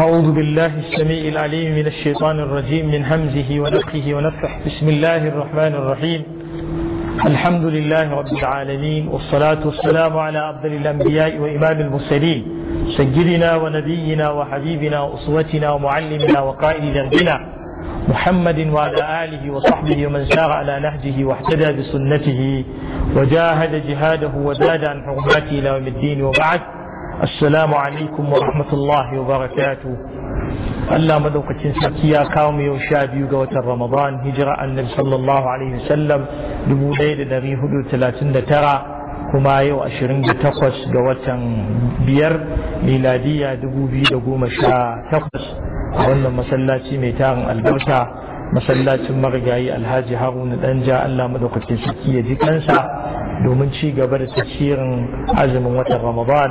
أعوذ بالله السميع العليم من الشيطان الرجيم من همزه ونفخه ونفخه بسم الله الرحمن الرحيم الحمد لله رب العالمين والصلاة والسلام على أفضل الأنبياء وإمام المرسلين سجدنا ونبينا وحبيبنا وأسوتنا ومعلمنا وقائد ذنبنا محمد وعلى آله وصحبه ومن سار على نهجه واحتدى بسنته وجاهد جهاده وزاد عن حرماته إلى يوم الدين وبعد السلام عليكم ورحمة الله وبركاته Allah maɗaukacin Sakiya ya yau sha biyu ga watan Ramadan hijira annabi sallallahu alaihi wasallam 1439 kuma yau 28 ga watan biyar goma sha 2018 a wannan masallaci mai tarin albarka masallacin marigayi alhaji haruna danja Allah maɗaukacin Sakiya ya domin ci gaba da tasirin azumin watan Ramadan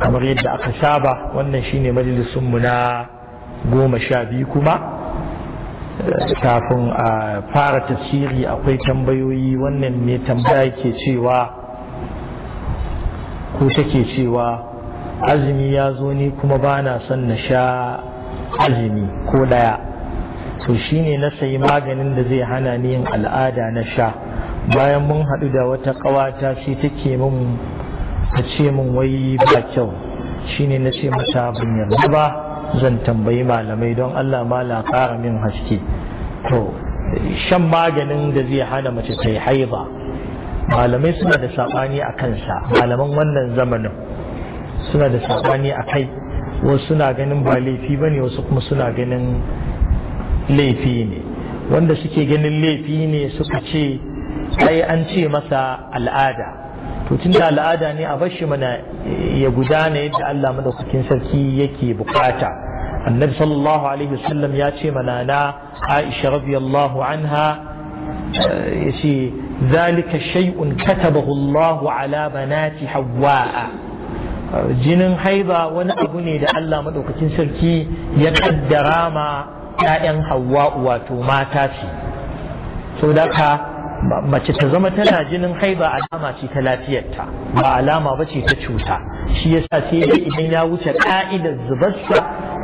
kamar yadda aka saba wannan shine majalisunmu na goma sha biyu kuma kafin a fara tasiri akwai tambayoyi wannan ne tambaya ke cewa ko take cewa azumi ya zo ni kuma ba na son na sha azumi ko daya to shine na sayi maganin da zai hana ni yin al'ada na sha bayan mun haɗu da wata ƙawata shi take mun. ta ce min wai ba kyau shi ne na ce mata ban yarda ba zan tambayi malamai don Allah la ƙara min haske to shan maganin da zai hana mace ta yi haiba malamai suna da saɓani a kansa malaman wannan zamanin suna da saɓani a kai wasu suna ganin ba laifi ba ne wasu kuma suna ganin laifi ne wanda suke ganin laifi ne suka ce ai an ce masa al'ada to tun da al'ada ne a bashi mana ya gudana yadda Allah madaukakin sarki yake bukata annabi sallallahu alaihi wasallam ya ce mana na Aisha radiyallahu anha yace zalika shay'un katabahu Allah ala banati Hawwa jinin haiba wani abu ne da Allah madaukakin sarki ya kaddara ma 'ya'yan hauwa wato mata ce saboda mace ta zama tana jinin haiba alama ce ta lafiyarta ba alama ba ce ta cuta shi sa sai idan ya wuce ka'idar zubarsa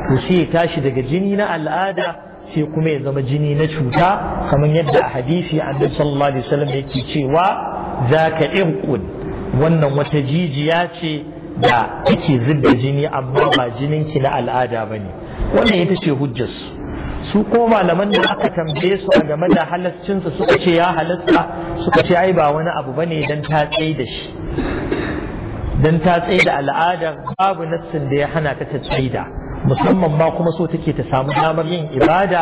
to sai ya tashi daga jini na al'ada sai kuma ya zama jini na cuta kamar yadda a hadisi annabi sallallahu alaihi wasallam yake cewa zaka irqud wannan wata jijiya ce da take zubda jini amma ba jinin ki na al'ada bane wannan ita ce hujjarsu su ko malaman da aka tambaye su a game da halascinsa suka ce ya halasta suka ce ai ba wani abu bane dan ta tsaye da shi dan ta tsaye da al'adar babu nassin da ya hana ta ta tsaye da musamman ma kuma so take ta samu damar yin ibada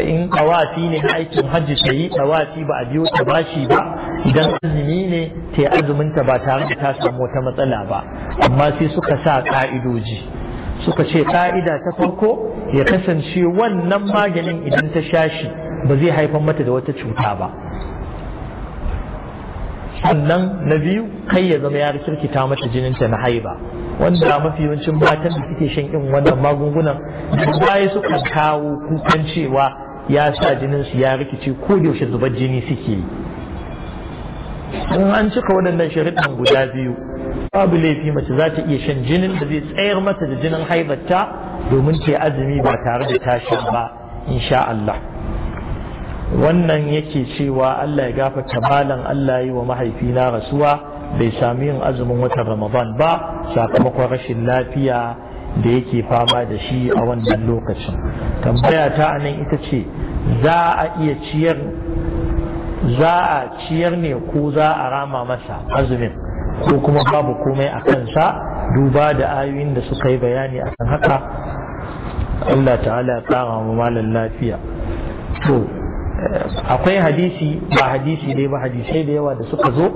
in tawafi ne na aikin hajji ta yi tawafi ba a biyo ta bashi ba idan azumi ne ta yi azumin ta ba tare da ta samu wata matsala ba amma sai suka sa ka'idoji suka ce ƙa'ida ta farko ya kasance wannan maganin idan ta sha shi ba zai haifar mata da wata cuta ba sannan na biyu kai ya zama ya rikirkita mata jininta na haiba wanda mafi yawancin matan da suke shan irin wannan magungunan da baya suka kawo kukan cewa ya sa jininsu ya rikice ko da yaushe zubar jini suke yi in an cika waɗannan sharaɗin guda biyu babu laifi mace za ta iya shan jinin da zai tsayar mata da jinin haibarta domin ke azumi ba tare da tashin ba insha Allah wannan yake cewa Allah ya gafarta malam Allah yi wa mahaifina rasuwa bai sami yin azumin watan Ramadan ba sakamakon rashin lafiya da yake fama da shi a wannan lokacin tambaya ta anan ita ce za a iya ciyar za a ciyar ne ko za a rama masa azumin ko kuma babu komai a kansa duba da ayoyin da suka yi bayani a kan haka Allah ta'ala kara wa malam lafiya to akwai hadisi ba hadisi dai ba hadisai da yawa da suka zo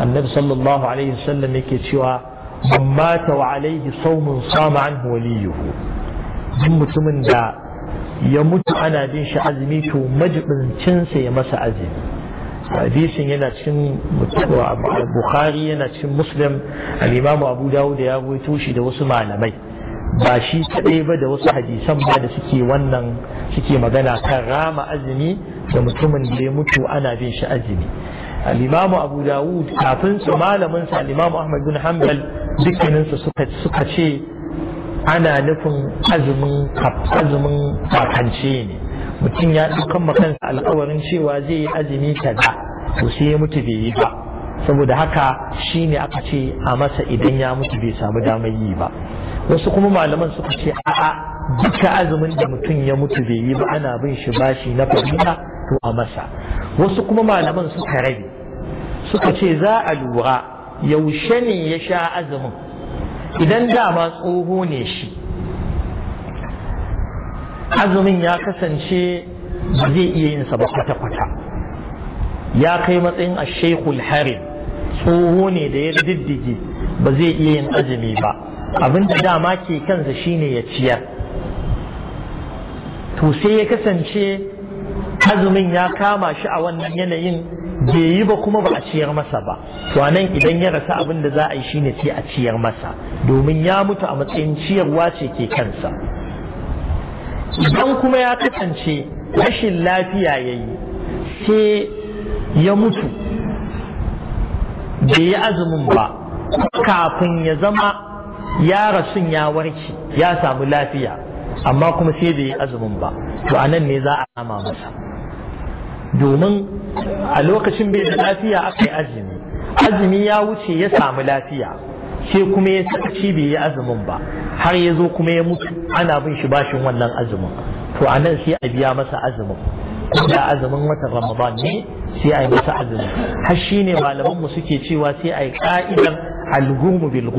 annabi sallallahu alaihi wasallam yake cewa man mata wa alaihi sawmun sama anhu waliyuhu duk mutumin da ya mutu ana bin shi azumi to majibincinsa ya masa azumi hadisin yana cikin bukhari yana cikin muslim al'imamu abu dawud ya rawaito shi da wasu malamai ba shi kaɗai ba da wasu hadisan ba da suke wannan suke magana kan rama azumi da mutumin da ya mutu ana bin shi azumi al'imamu abu dawud kafin su malamin sa al'imamu ahmad bin hanbal dukkaninsu suka ce ana nufin azumin azumin kakance ne mutum ya dukkan kansa alkawarin cewa zai yi azumi kaza to sai ya mutu bai yi ba saboda haka shi ne aka ce a masa idan ya mutu bai samu damar yi ba wasu kuma malaman suka ce a'a duka azumin da mutum ya mutu bai yi ba ana bin shi bashi na fahimta to a masa wasu kuma malaman suka rabe suka ce za a lura yaushe ne ya sha azumin idan dama tsoho ne shi azumin ya kasance ba zai iya yin sa ba kwata-kwata ya kai matsayin a shekul harin tsoho ne da ya diddige ba zai iya yin azumi ba abin da dama ke kansa shine ya ciyar to sai ya kasance azumin ya kama shi a wannan yanayin bai yi ba kuma ba a ciyar masa ba to nan idan ya rasa abin da za a yi shine sai a ciyar masa domin ya mutu a matsayin ciyarwa ce ke kansa idan kuma ya kasance rashin lafiya ya yi sai ya mutu bai yi azumin ba kafin ya zama ya rasun ya warke ya samu lafiya amma kuma sai bai yi azumin ba to anan ne za a kama masa domin a lokacin bai da lafiya aka yi azumi azumi ya wuce ya samu lafiya Sai kuma ya sakaci bai yi azumin ba har ya zo kuma ya mutu ana bin shi bashin wannan azumin to a nan sai a biya masa azumin da azumin watan ramadan ne sai a yi masa azumin har shi ne malamanmu suke cewa sai a yi ka'idar algumu bil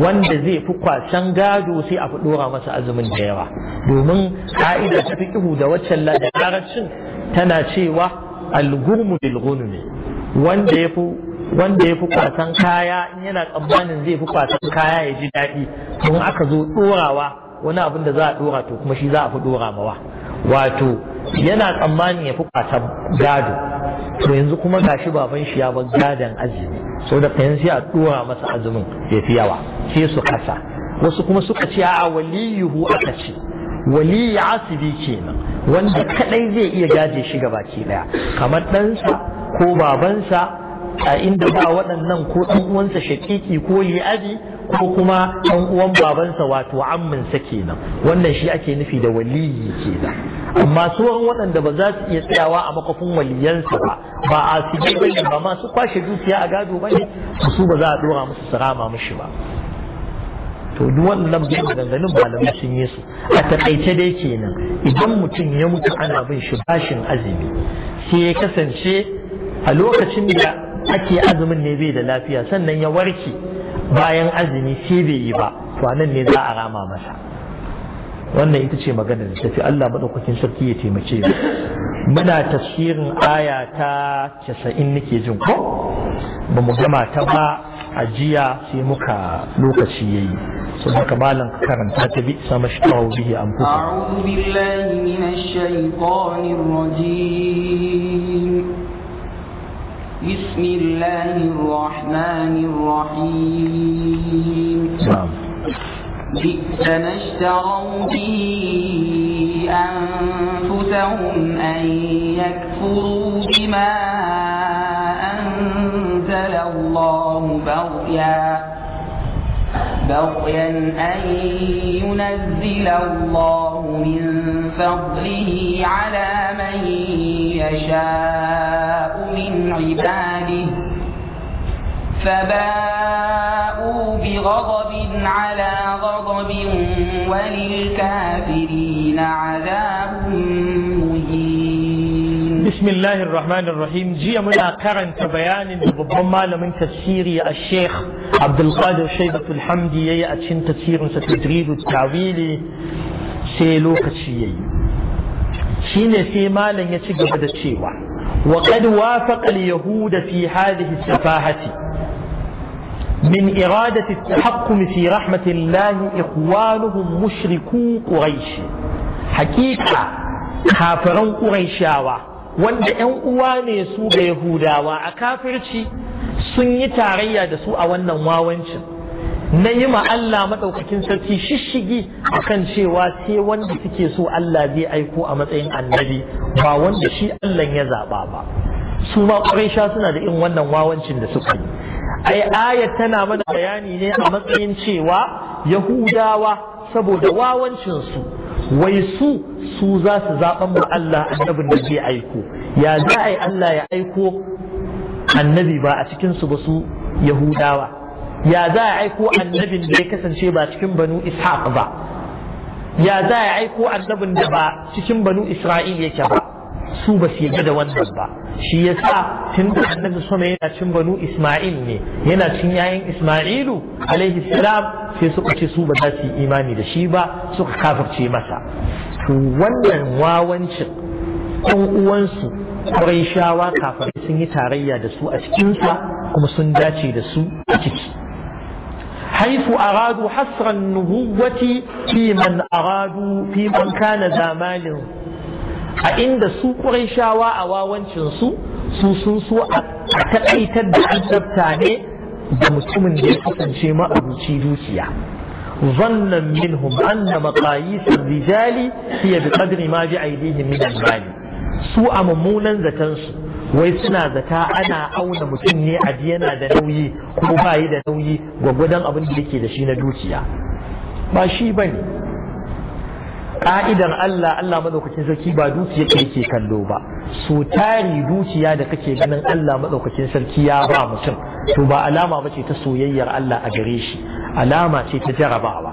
wanda zai fi kwasan gado sai a fi dora masa azumin da yawa domin ka'idar ta fiqhu da waccan larabcin tana cewa algumu bil wanda ya fi wanda ya fi kwasan kaya in yana tsammanin zai fi kwasan kaya ya ji daɗi don aka zo ɗorawa wani abin da za a ɗora to kuma shi za a fi ɗora mawa wato yana tsammanin ya fi kwasan gado to yanzu kuma gashi baban shi ya bar gadon azumi so da yanzu sai a ɗora masa azumin ya fi yawa sai su kasa wasu kuma suka ce a waliyuhu aka ce waliyu asibi kenan wanda kadai zai iya gaje shi gaba ki daya kamar ɗansa ko babansa a inda ba waɗannan ko ɗan uwansa shaƙiƙi ko li'abi ko kuma ɗan uwan babansa wato amminsa kenan wannan shi ake nufi da waliyi kenan amma sauran waɗanda ba za su iya tsayawa a makafin waliyansa ba ba a su bane ba ma su kwashe dukiya a gado ba ne su ba za a ɗora musu sarama mishi ba to duk wannan bin maganganun malamai sun yi su a takaice dai kenan idan mutum ya mutu ana bin shi bashin azumi sai ya kasance a lokacin da ake azumin ne bai da lafiya sannan ya warke bayan azumi sai bai yi ba to anan ne za a rama masa wannan ita ce magana da tafi Allah madaukakin sarki ya taimake mu muna tafsirin aya ta 90 nake jin ko ba mu gama ta ba a jiya sai muka lokaci yayi sun muka malam karanta ta bi sama shi ta bihi an fuka a'udhu billahi minash shaitanir rajim بسم الله الرحمن الرحيم نعم بئسما اشتروا به أنفسهم أن يكفروا بما أنزل الله بغيا بغيا أن ينزل الله من فضله على من يشاء من عباده فباءوا بغضب على غضب وللكافرين عذاب بسم الله الرحمن الرحيم جي منا كرنت بيان لببون مالم تفسير الشيخ عبد القادر شيبة الحمدي يا اتشن تفسير ستدريب التعويل سيلو كشيي شين سي مالن يتشي تشيوا وقد وافق اليهود في هذه السفاهة من إرادة التحكم في رحمة الله إخوانهم مشركو قريش حقيقة كافرون قريشاوا wanda ‘yan uwa ne su ga Yahudawa a kafirci sun yi tarayya da su a wannan wawancin na yi ma Allah maɗaukakin sarki shishigi a kan cewa sai wanda suke so Allah zai aiko a matsayin annabi ba wanda shi Allah ya zaɓa ba su ma sha suna da irin wannan wawancin da suka yi ai ayat tana mana bayani ne a matsayin cewa Yahudawa saboda wawancin su wai su su za su zaɓan mu Allah annabin da zai aiko ya za a yi Allah ya aiko annabi ba a cikinsu ba su yahudawa ya za a aiko annabin da ya kasance ba cikin banu ishaq ba ya za a aiko annabin da ba cikin banu isra'il yake ba su ba su yarda da wannan ba shi yasa tun da annabi sama yana cin banu isma'il ne yana cin yayin isma'ilu alaihi salam sai suka ce su ba za su yi imani da shi ba suka kafirce masa to wannan wawancin ɗan uwansu shawa kafirai sun yi tarayya da su a cikinsa kuma sun dace da su a ciki حيث أرادوا حصر النبوة في من أرادوا في من كان ذا مال a inda su shawa a wawancinsu su sun so a taƙaitar da azabta ne da mutumin da ya kasance ma'abuci dukiya ظنا منهم أن مقاييس الرجال هي بقدر ما bani. Su a mummunan zatan su, wai suna zata ana auna mutum ne a yana da nauyi ko bayi da nauyi gwagwadon abin da yake da shi na dukiya ba shi bane ka'idar Allah Allah madaukakin sarki ba dukiya ke yake kallo ba so tari dukiya da kake ganin Allah madaukakin sarki ya ba mutum to ba alama ba ce ta soyayyar Allah a gare shi alama ce ta jarabawa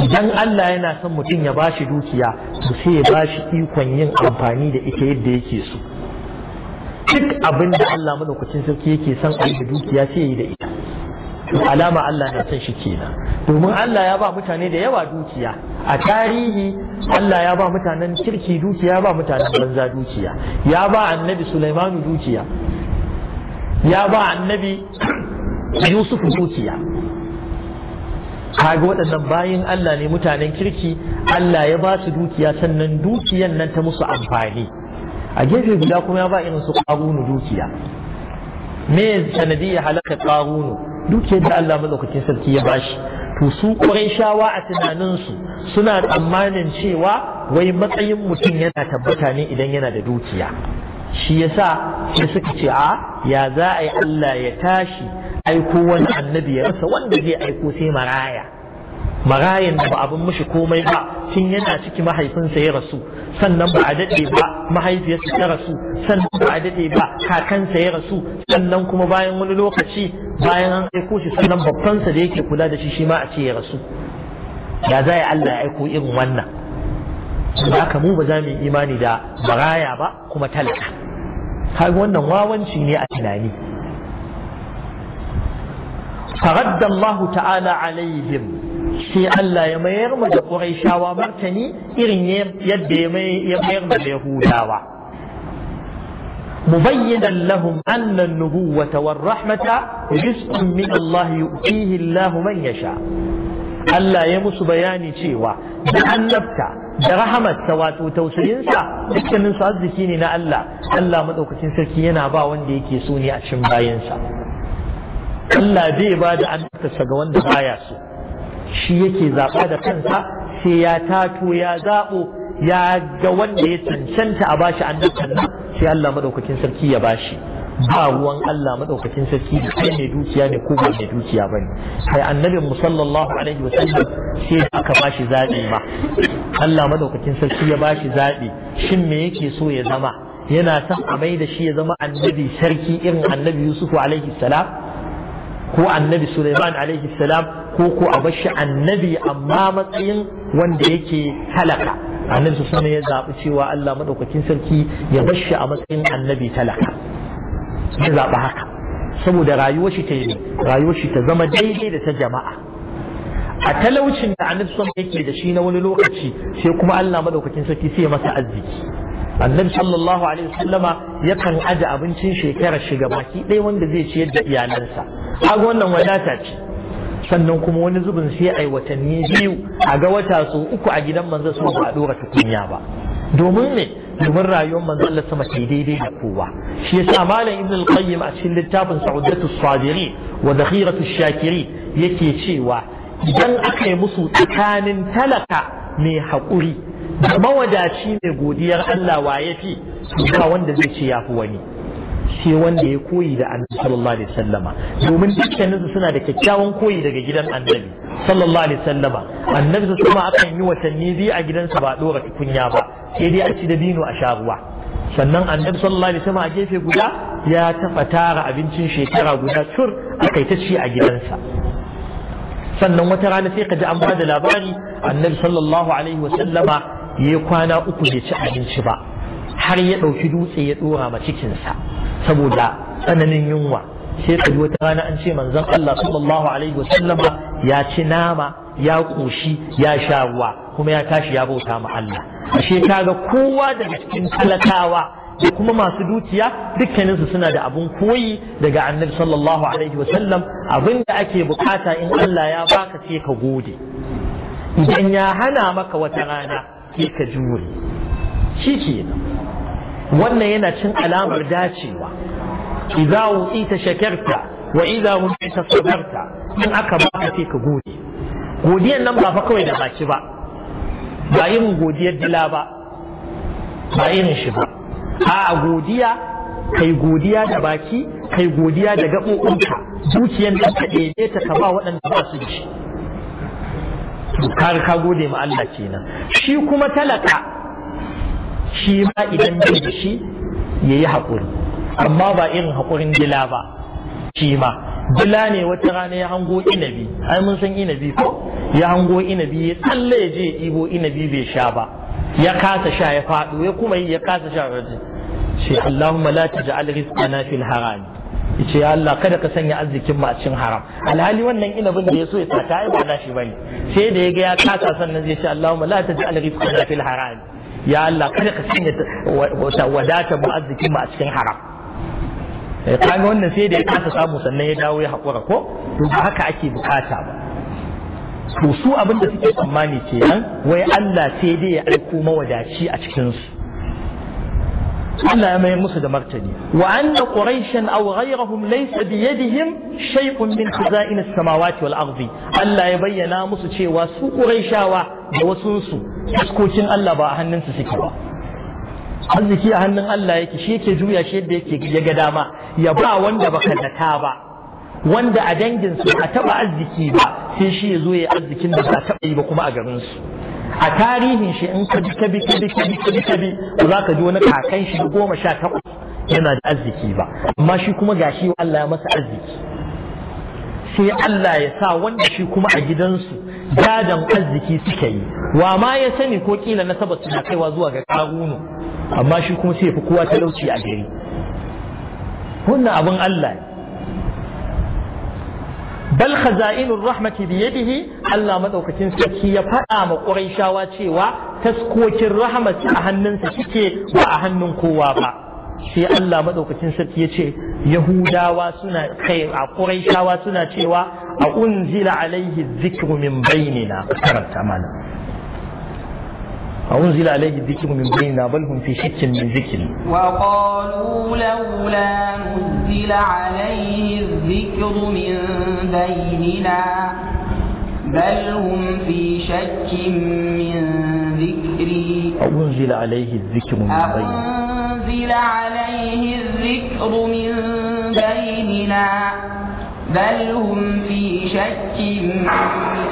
idan Allah yana son mutum ya bashi dukiya to sai ya bashi ikon yin amfani da ita yadda yake so duk abin da Allah madaukakin sarki yake son a da dukiya sai ya yi da ita alama Allah na san shi kenan domin Allah ya ba mutane da yawa dukiya a tarihi Allah ya ba mutanen kirki dukiya ba mutanen banza dukiya ya ba annabi Sulaiman dukiya ya ba annabi Yusuf dukiya kaga waɗannan bayin Allah ne mutanen kirki Allah ya ba su dukiya sannan dukiyan nan ta musu amfani a gefe guda kuma ya ba irin su ƙarunu dukiya me sanadiyya halaka ƙarunu dukiyar da Allah madaukakin sarki ya bashi to su shawa a tunaninsu suna tsammanin cewa wai matsayin mutum yana tabbata ne idan yana da dukiya shi yasa sai suka ce a ya za a yi Allah ya tashi aiko wani annabi ya rasa wanda zai aiko sai maraya marayan da ba abin mushi komai ba tun yana ciki mahaifinsa ya rasu sannan ba a daɗe ba mahaifiyarsa ta rasu sannan ba a daɗe ba kakansa ya rasu sannan kuma bayan wani lokaci bayan an aiko shi sannan babbansa da yake kula da shi shi ma a ce ya rasu ya za ya Allah ya aiko irin wannan haka mu ba za mu yi imani da maraya ba kuma talaka har wannan wawanci ne a tunani فرد الله تعالى عليهم sai Allah ya mayar mu da shawa martani irin yadda ya mayar mu da Yahudawa مبينا لهم أن النبوة والرحمة جزء من الله يؤتيه الله من Allah ya musu bayani cewa da annabta da rahamarsa wato tausayinsa dukkanin su arziki ne na Allah Allah maɗaukacin sarki yana ba wanda yake so ne a cikin bayansa Allah zai ba da annabtarsa ga wanda baya so shi yake zaɓa da kansa sai ya tato ya zaɓo ya ga wanda ya cancanta a bashi annabtan nan sai Allah madaukakin sarki ya bashi ba ruwan Allah madaukakin sarki da kai mai dukiya ne ko ba mai dukiya bane sai annabin mu sallallahu alaihi wasallam sai aka bashi zabi ba. Allah madaukakin sarki ya bashi zaɓi shin me yake so ya zama yana son a mai da shi ya zama annabi sarki irin annabi Yusuf alaihi salam ko annabi Suleiman alaihi salam ko ko a bashi annabi amma matsayin wanda yake halaka annabi su sami ya zaɓi cewa Allah maɗaukakin sarki ya bashi a matsayin annabi talaka ya zaɓi haka saboda rayuwar shi ta yi rayuwar shi ta zama daidai da ta jama'a a talaucin da annabi sun yake da shi na wani lokaci sai kuma Allah maɗaukakin sarki sai ya masa arziki annabi sallallahu alaihi wasallama yakan aje abincin shekarar shiga baki ɗaya wanda zai ciyar da iyalansa kaga wannan wadata ce sannan kuma wani zubin sai ai watanni biyu a ga wata so uku a gidan manzo so ba a dora tukunya ba domin me domin rayuwar manzo Allah sama ke daidai da kowa shi yasa malam ibn al-qayyim a cikin littafin sa'udatu sabiri wa dakhiratu shakiri yake cewa idan aka yi musu tsakanin talaka mai haƙuri mawadaci mai godiyar Allah waye ya fi ba wanda zai ce ya fi wani sai wanda ya koyi da annabi sallallahu alaihi wasallama domin dukkaninsu suna da kyakkyawan koyi daga gidan annabi sallallahu alaihi wasallama annabi su kuma akan yi watanni biyu a gidansa ba dora tukunya ba sai dai a ci da bino a sha ruwa sannan annabi sallallahu alaihi wasallama a gefe guda ya tafa tara abincin shekara guda tur akai ta ci a gidansa sannan wata rana sai ka ji an ba da labari annabi sallallahu alaihi wasallama ya kwana uku bai ci abinci ba har ya ɗauki dutse ya ɗora ma cikinsa saboda tsananin yunwa sai ka wata rana an ce manzon Allah sallallahu alaihi wasallama ya ci nama ya ƙoshi ya sha ruwa kuma ya tashi ya bauta ma Allah ashe kaga kowa daga cikin talakawa da kuma masu dukiya dukkaninsu suna da abun koyi daga annabi sallallahu alaihi wasallam abin da ake bukata in Allah ya baka sai ka gode idan ya hana maka wata rana sai ka jure shi ke wannan yana cin alamar dacewa idza ita shakarta wa idza ita sabarta in aka baka sai ka gode godiyan nan ba fa kawai da baki ba ba yin godiyar dila ba ba irin shi ba a godiya kai godiya da baki kai godiya da gaɓoɓinka zuciyar da ka ɗebe ta ka ba waɗanda ba su shi kar ka gode ma Allah kenan shi kuma talaka shi ma idan da shi yayi hakuri amma ba irin hakurin dila ba shi ma dila ne wata rana ya hango inabi ai mun san inabi ko ya hango inabi ya tsalle ya je ya ɗibo inabi bai sha ba ya kasa sha ya faɗo ya kuma yi ya kasa sha sai Allahumma la taj'al rizqana fil harami yace ya Allah kada ka sanya arzikin mu a cikin haram alhali wannan inabin da ya so ya sata ai ba shi bane sai da ya ga ya kasa sannan zai ce Allahumma la taj'al rizqana fil haram ya Allah kada ka sanya wadata mu arzikin mu a cikin haram eh kaga wannan sai da ya kasa samu sannan ya dawo ya hakura ko to ba haka ake bukata ba su su abin da suke tsammani nan, wai Allah sai dai ya aiko mawadaci a cikin su Allah ya mai musu da martani wa anna quraishan aw ghayrahum laysa bi yadihim shay'un min khaza'in as-samawati wal ardi Allah ya bayyana musu cewa su quraishawa da wasu su fuskokin Allah ba a hannunsu suke ba arziki a hannun Allah yake shi yake juya shi yadda yake ya ga dama ya ba wanda baka zata ba wanda a dangin su a taba arziki ba sai shi ya zo ya arzikin da ba taba yi ba kuma a garin su a tarihin shi in ka bi ka bi ka bi ka bi ka bi ka bi ba za ka ji wani kakan shi goma sha takwas yana da arziki ba amma shi kuma gashi Allah ya masa arziki sai Allah ya sa wanda shi kuma a gidansu gadan arziki suke yi wa ma ya sani ko kila nasaba suna kaiwa zuwa ga karunu amma shi kuma sai ya fi kowa talauci a gari wannan abin Allah ne bal khaza'inur rahmati bi yadihi Allah madaukakin sarki ya faɗa ma Qurayshawa cewa taskokin rahmat a hannunsa suke ba a hannun kowa ba sai Allah madaukakin sarki ya ce Yahudawa suna kai a Qurayshawa suna cewa a unzila alaihi dhikru min bainina karanta mana a unzila alaihi dhikru min bainina bal hum fi shakkin min dhikri wa qalu laula unzila alaihi dhikru min bainina بل هم في شك من ذكري أنزل عليه الذكر من بيننا أنزل عليه الذكر من بيننا بل هم في شك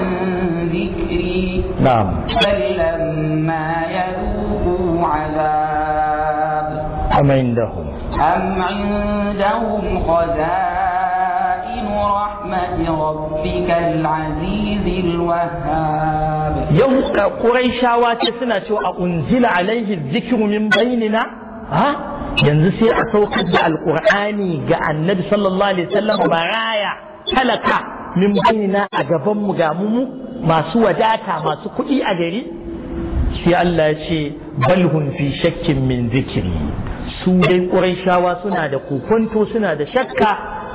من ذكري نعم بل لما يذوقوا عذاب أم عندهم أم عندهم خزائن رحمة ربك العزيز الوهاب suna قريشا a unzila أنزل عليه الذكر yanzu sai a saukar da alƙur'ani ga annabi sallallahu alaihi sallam baraya talaka min bainina a gaban mu ga mumu masu wadata masu kuɗi a gari sai Allah ya ce balhum fi shakkin min zikiri su dai shawa suna da kokonto suna da shakka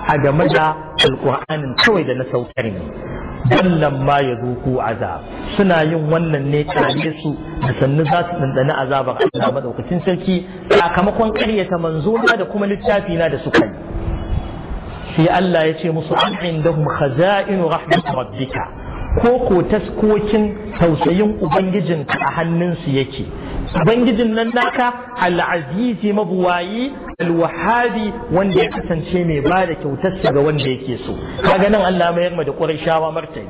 a game da alƙur'anin kawai da na saukar ne wannan ma ya zuku azab suna yin wannan ne tare su da sannu za su dandana azabar Allah maɗaukacin sarki sakamakon ƙaryata manzona da kuma littafi na da suka yi sai Allah ya ce musu an indahum khaza'inu rahmat rabbika ko ko taskokin tausayin ubangijin a hannunsu yake ubangijin nan naka al'azizi mabuwayi alwahabi wanda ya kasance mai ba da kyautarsa ga wanda yake so kaga nan Allah mayar ma da qurayshawa martani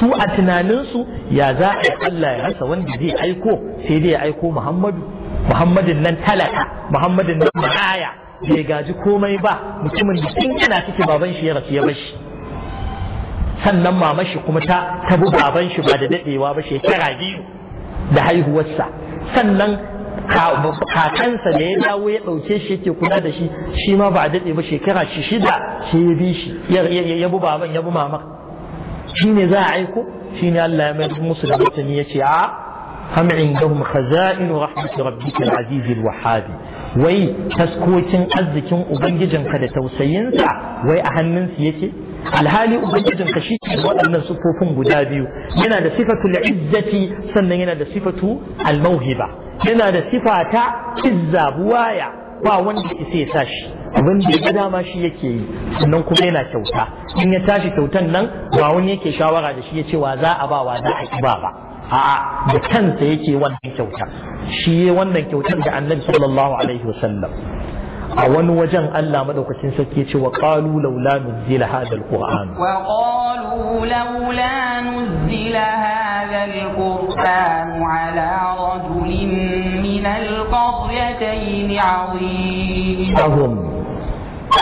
su a tunaninsu ya za a Allah ya rasa wanda zai aiko sai dai ya aiko Muhammadu Muhammadin nan talaka Muhammadin nan maraya bai gaji komai ba mutumin da tun yana cikin baban shi ya rasu ya bashi sannan mama shi kuma ta tabu baban shi ba da dadewa ba shekara biyu da haihuwarsa sannan kakansa da ya dawo ya ɗauke shi yake kula da shi shi ma ba a daɗe ba shekara shi shida shi ya bi shi ya bi baban ya bi maman shi ne za a aiko shi ne Allah ya mai musu da mutane ya ce a am indahum khaza'in rahmati rabbika al-aziz al-wahhabi wai taskokin arzikin ubangijinka da tausayinsa wai a hannunsu yake alhali ubangijinka shi ne waɗannan sufofin guda biyu yana da sifatul izzati sannan yana da sifatu almauhiba yana da sifa ta izza buwaya ba wanda isa ya sa shi abin da ya dama shi yake yi sannan kuma yana kyauta in ya tashi kyautan nan ba wani yake shawara da shi ya ce wa za a ba wa za a ba ba a da kansa yake wannan kyauta shi ya wannan kyautar da annabi sallallahu alaihi wasallam a wani wajen Allah madaukakin sarki ce wa qalu laula nuzila hadha alquran wa qalu laula nuzila hadha alquran ala rajulin min alqaryatayn azim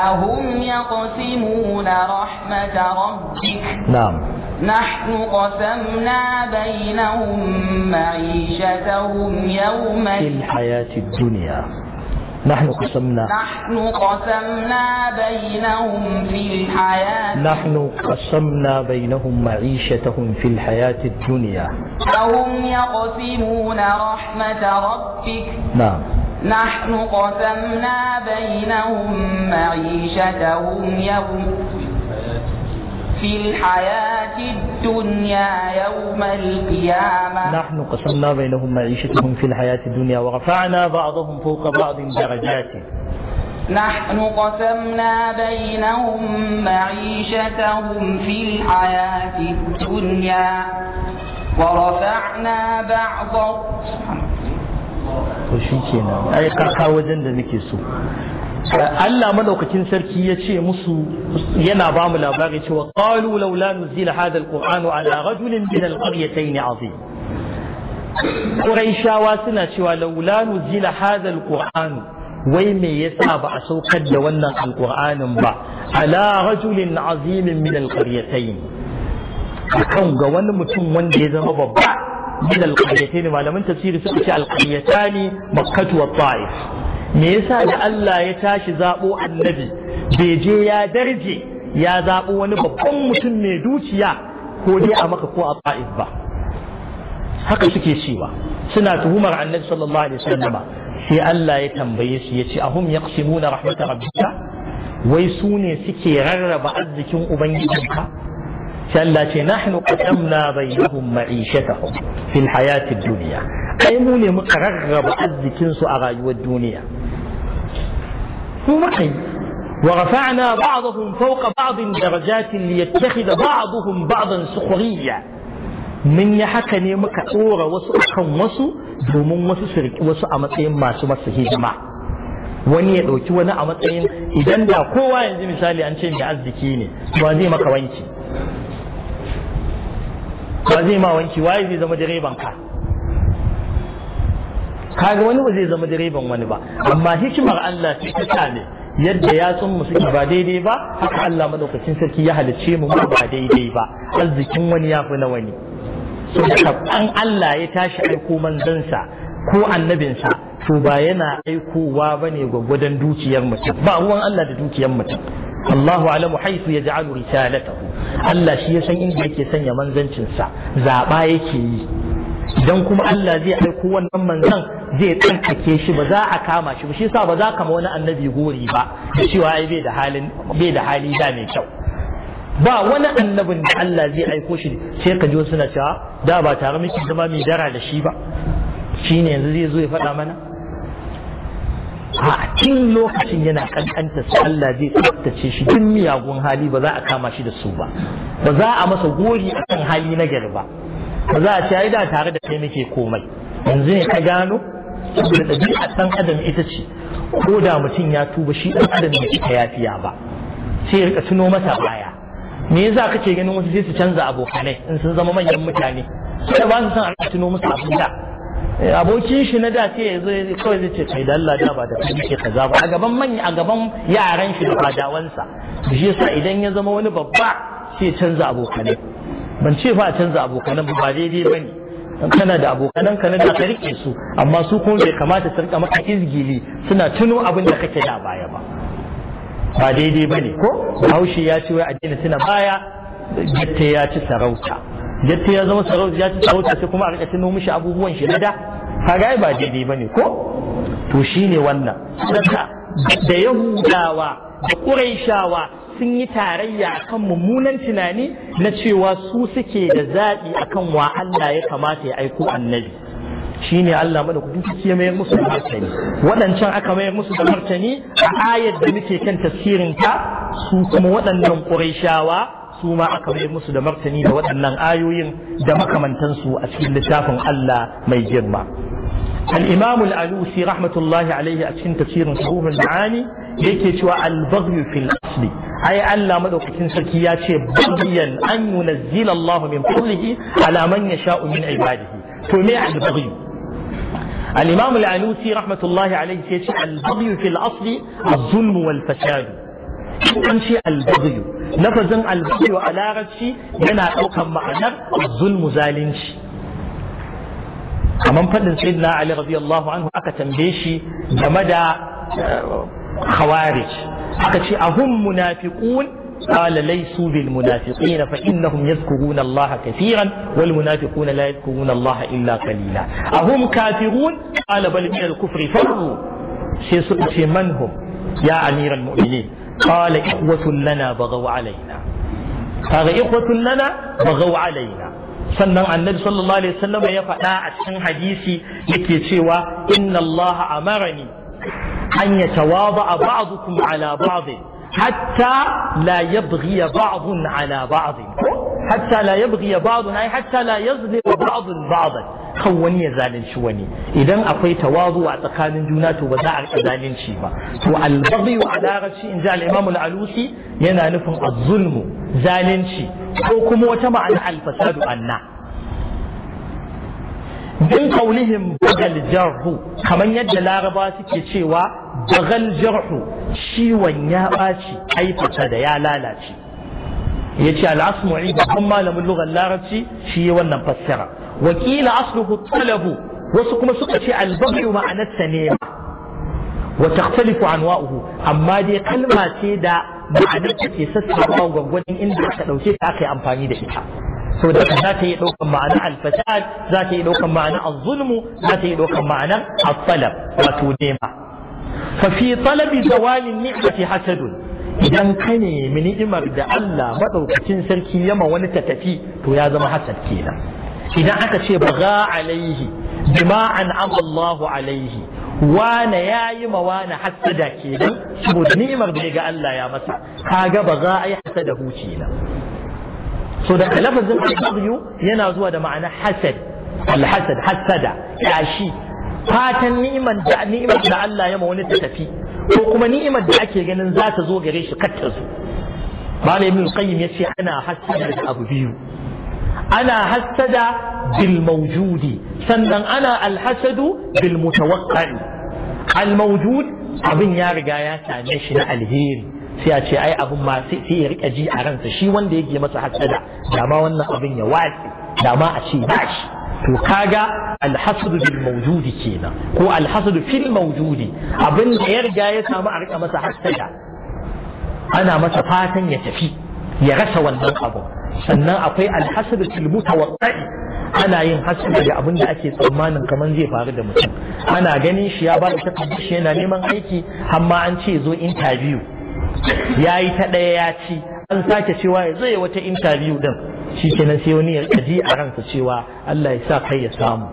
ahum yaqsimuna rahmat rabbik na'am نحن قسمنا بينهم معيشتهم يوم في الحياة الدنيا نحن قسمنا نحن قسمنا بينهم في الحياة نحن قسمنا بينهم معيشتهم في الحياة الدنيا فهم يقسمون رحمة ربك نعم نحن قسمنا بينهم معيشتهم يوم في الحياة الدنيا يوم القيامة نحن قسمنا بينهم معيشتهم في الحياة الدنيا ورفعنا بعضهم فوق بعض درجات نحن قسمنا بينهم معيشتهم في الحياة الدنيا ورفعنا بعض to shi أي ai ka kawo Allah madaukakin sarki ya ce musu yana ba mu labari cewa qalu laula nuzila hadha alquran ala rajulin min alqaryatayn azim Quraishawa suna cewa laula nuzila hadha alquran wai me yasa ba a saukar da wannan alqur'anin ba ala rajulin azimin min alqaryatayn akan ga wani mutum wanda ya zama babba min alqaryatayn malaman tafsiri suka ce alqaryatani makkah wa ta'if me yasa da Allah ya tashi zabo annabi bai je ya darje ya zabo wani babban mutum mai duciya? ko dai a maka ko a ba'if ba haka suke cewa suna tuhumar annabi sallallahu alaihi wasallam sai Allah ya tambaye su yace ahum yaqsimuna rahmat rabbika wai su ne suke rarraba arzikin ubangijinka sai Allah ce nahnu qatamna bainahum ma'ishatahum fil hayati dunya ai mu ne muka rarraba arzikin su a rayuwar duniya معي ورفعنا بعضهم فوق بعض درجات ليتخذ بعضهم بعضا سخريا من يحكى نيمك أورا وسو أخم وسو دومون وسو سرك وسو أمتين ما سو بس هجمع وني يدوكي وانا أمتين إذن دا قوة يزي مثالي أنشين يعزكيني وازي ما كوانكي وازي ما وانكي وازي زمجريبانكا وانكي kaga wani ba zai zama direban wani ba amma hikimar Allah ce ta ne yadda yatsun mu suke ba daidai ba haka Allah madaukakin sarki ya halicce mu ba daidai ba arzikin wani ya fi na wani So an Allah ya tashi aiko manzansa ko annabinsa to ba yana aikowa ba ne dukiyar mutum ba ruwan Allah da dukiyar mutum Allahu alamu haifu ya ja'alu risalatahu Allah shi ya san inda yake sanya manzancinsa zaba yake yi idan kuma Allah zai aiko wannan manzon zai tsarkake shi ba za a kama shi ba shi yasa ba za kama wani annabi gori ba da cewa ai bai da halin bai da hali da mai kyau ba wani annabin da Allah zai aiko shi sai ka ji suna cewa da ba tare miki zama mai dara da shi ba shine yanzu zai zo ya faɗa mana a tun lokacin yana kankanta su Allah zai tsaftace shi duk miyagun hali ba za a kama shi da su ba ba za a masa gori a kan hali na gari ba ba za a ce ai da tare da kai muke komai yanzu ne ka gano da ɗabi'a ɗan adam ita ce ko da mutum ya tuba shi ɗan adam bai cika yafiya ba sai ya tuno masa baya me yasa kake ganin wasu sai su canza abokanai in sun zama manyan mutane sai ba su san a tuno musu abin da eh, abokin shi na da sai ya zo kawai zai ce kai da Allah da ba da kai ke kaza ba a gaban manya a gaban yaran shi da fadawansa shi yasa idan ya zama wani babba sai canza abokanai ban ce ba a canza abokanan ba daidai ba ne kana da abokanan ka na da ka rike su amma su kuma bai kamata su rika maka izgili suna tuno abin da kake da baya ba ba daidai ba ne ko haushi ya ce wai addini tuna baya gatte ya ci sarauta gatte ya zama sarauta ya ci sarauta sai kuma a rika tuno mishi abubuwan shi na da ga ba daidai ba ne ko to shine wannan da yahudawa da ƙuraishawa sun yi tarayya kan mummunan tunani na cewa su suke da zaɓi akan wa Allah ya kamata ya aiko annabi shine Allah madaukakin sarki ya mayar musu da martani waɗancan aka mayar musu da martani a ayar da muke kan tafsirin ta su kuma waɗannan Qurayshawa su ma aka mayar musu da martani da waɗannan ayoyin da makamantansu a cikin littafin Allah mai girma الإمام الألوسي رحمة الله عليه أتشين تفسير صحوف المعاني yake cewa al-baghyu fil asli ai Allah madaukakin sarki ya ce bayan an yunazzila Allah min fadlihi ala man yasha'u min ibadihi to me al-baghyu al-imam al-anusi rahmatullahi alayhi ya ce al-baghyu fil asli az-zulm wal fashad an ce al-baghyu lafazin al-baghyu a larabci yana daukan ma'anar zulmu zalunci kamar faɗin sayyidina ali radiyallahu anhu aka tambaye shi game da eh, khawarij aka ce ahum munafiqun qala laysu bil munafiqin fa innahum yadhkuruna Allah kaseeran wal munafiquna la yadhkuruna Allah illa qalila ahum kafirun qala bal min al sai su ce manhum ya amiral mu'minin qala ikhwatun lana baghaw alaina kaga ikhwatun lana baghaw alaina sannan annabi sallallahu alaihi wasallam ya faɗa a cikin hadisi yake cewa inna allaha amarani أن يتواضع بعضكم على بعض حتى لا يبغي بعض على بعض حتى لا يبغي بعض أي حتى لا يظلم بعض بعضا خوني زالن شوني إذا أقوي تواضع أتقال جونات وزاع أزالن شيبا والبغي على غشي إن زال الإمام العلوسي ينا الظلم زالن شي وكم وتمع الفساد أنه bin kaulihim bagal jarhu kamar yadda laraba suke cewa bagal jarhu ciwon ya ɓaci aifata da ya lalace ya ce al'asmu'i babban malamin lugar larabci shi ya wannan fassara wakila asluhu talabu wasu kuma suka ce albaghi ma'anarsa ne wa takhtalifu anwa'uhu amma dai kalma ce da ma'anar ke sassawa gwagwadin inda aka dauke ta aka yi amfani da ita so da za ta yi ɗaukan ma'anar alfasad za ta yi ɗaukan ma'anar azulmu za ta yi ɗaukan ma'anar asalab wato nema fa fi talabi zawalin ni'mati hasadun idan ka nemi ni'imar da Allah maɗaukacin sarki yama wani ta tafi to ya zama hasad kenan idan aka ce baga alaihi jima'an an Allahu alaihi wane ya yi ma wane hasada kenan saboda ni'imar da ya ga Allah ya masa kaga ba za a yi hasada hu kenan so da lafazin albaghyu yana zuwa da ma'ana hasad al hasad hasada yashi fatan ni'imar da ni'imar da Allah ya ma wani ta tafi ko kuma ni'imar da ake ganin za ta zo gare shi kar ta zo malam ibn qayyim yace ana hasada da abu biyu ana hasada bil mawjudi sannan ana al hasadu bil mutawaqqi al mawjud abin ya riga ya same shi na alheri sai a ce ai abin ma sai ya rike ji a ransa shi wanda yake masa hasada dama wannan abin ya watsi dama a ce ba shi to kaga alhasadu bil mawjudi kenan ko alhasadu fil mawjudi abin da ya riga ya samu a rika masa hasada ana masa fatan ya tafi ya rasa wannan abu sannan akwai alhasadu fil mutawaqqi'i ana yin hasada da abin da ake tsammanin kamar zai faru da mutum ana ganin shi ya ba da shi yana neman aiki amma an ce zo interview ya yi ta ɗaya ya ci an sake cewa ya zai wata intabiyu ɗin shi ke sai wani ya ƙaji a ransa cewa Allah ya sa kai ya samu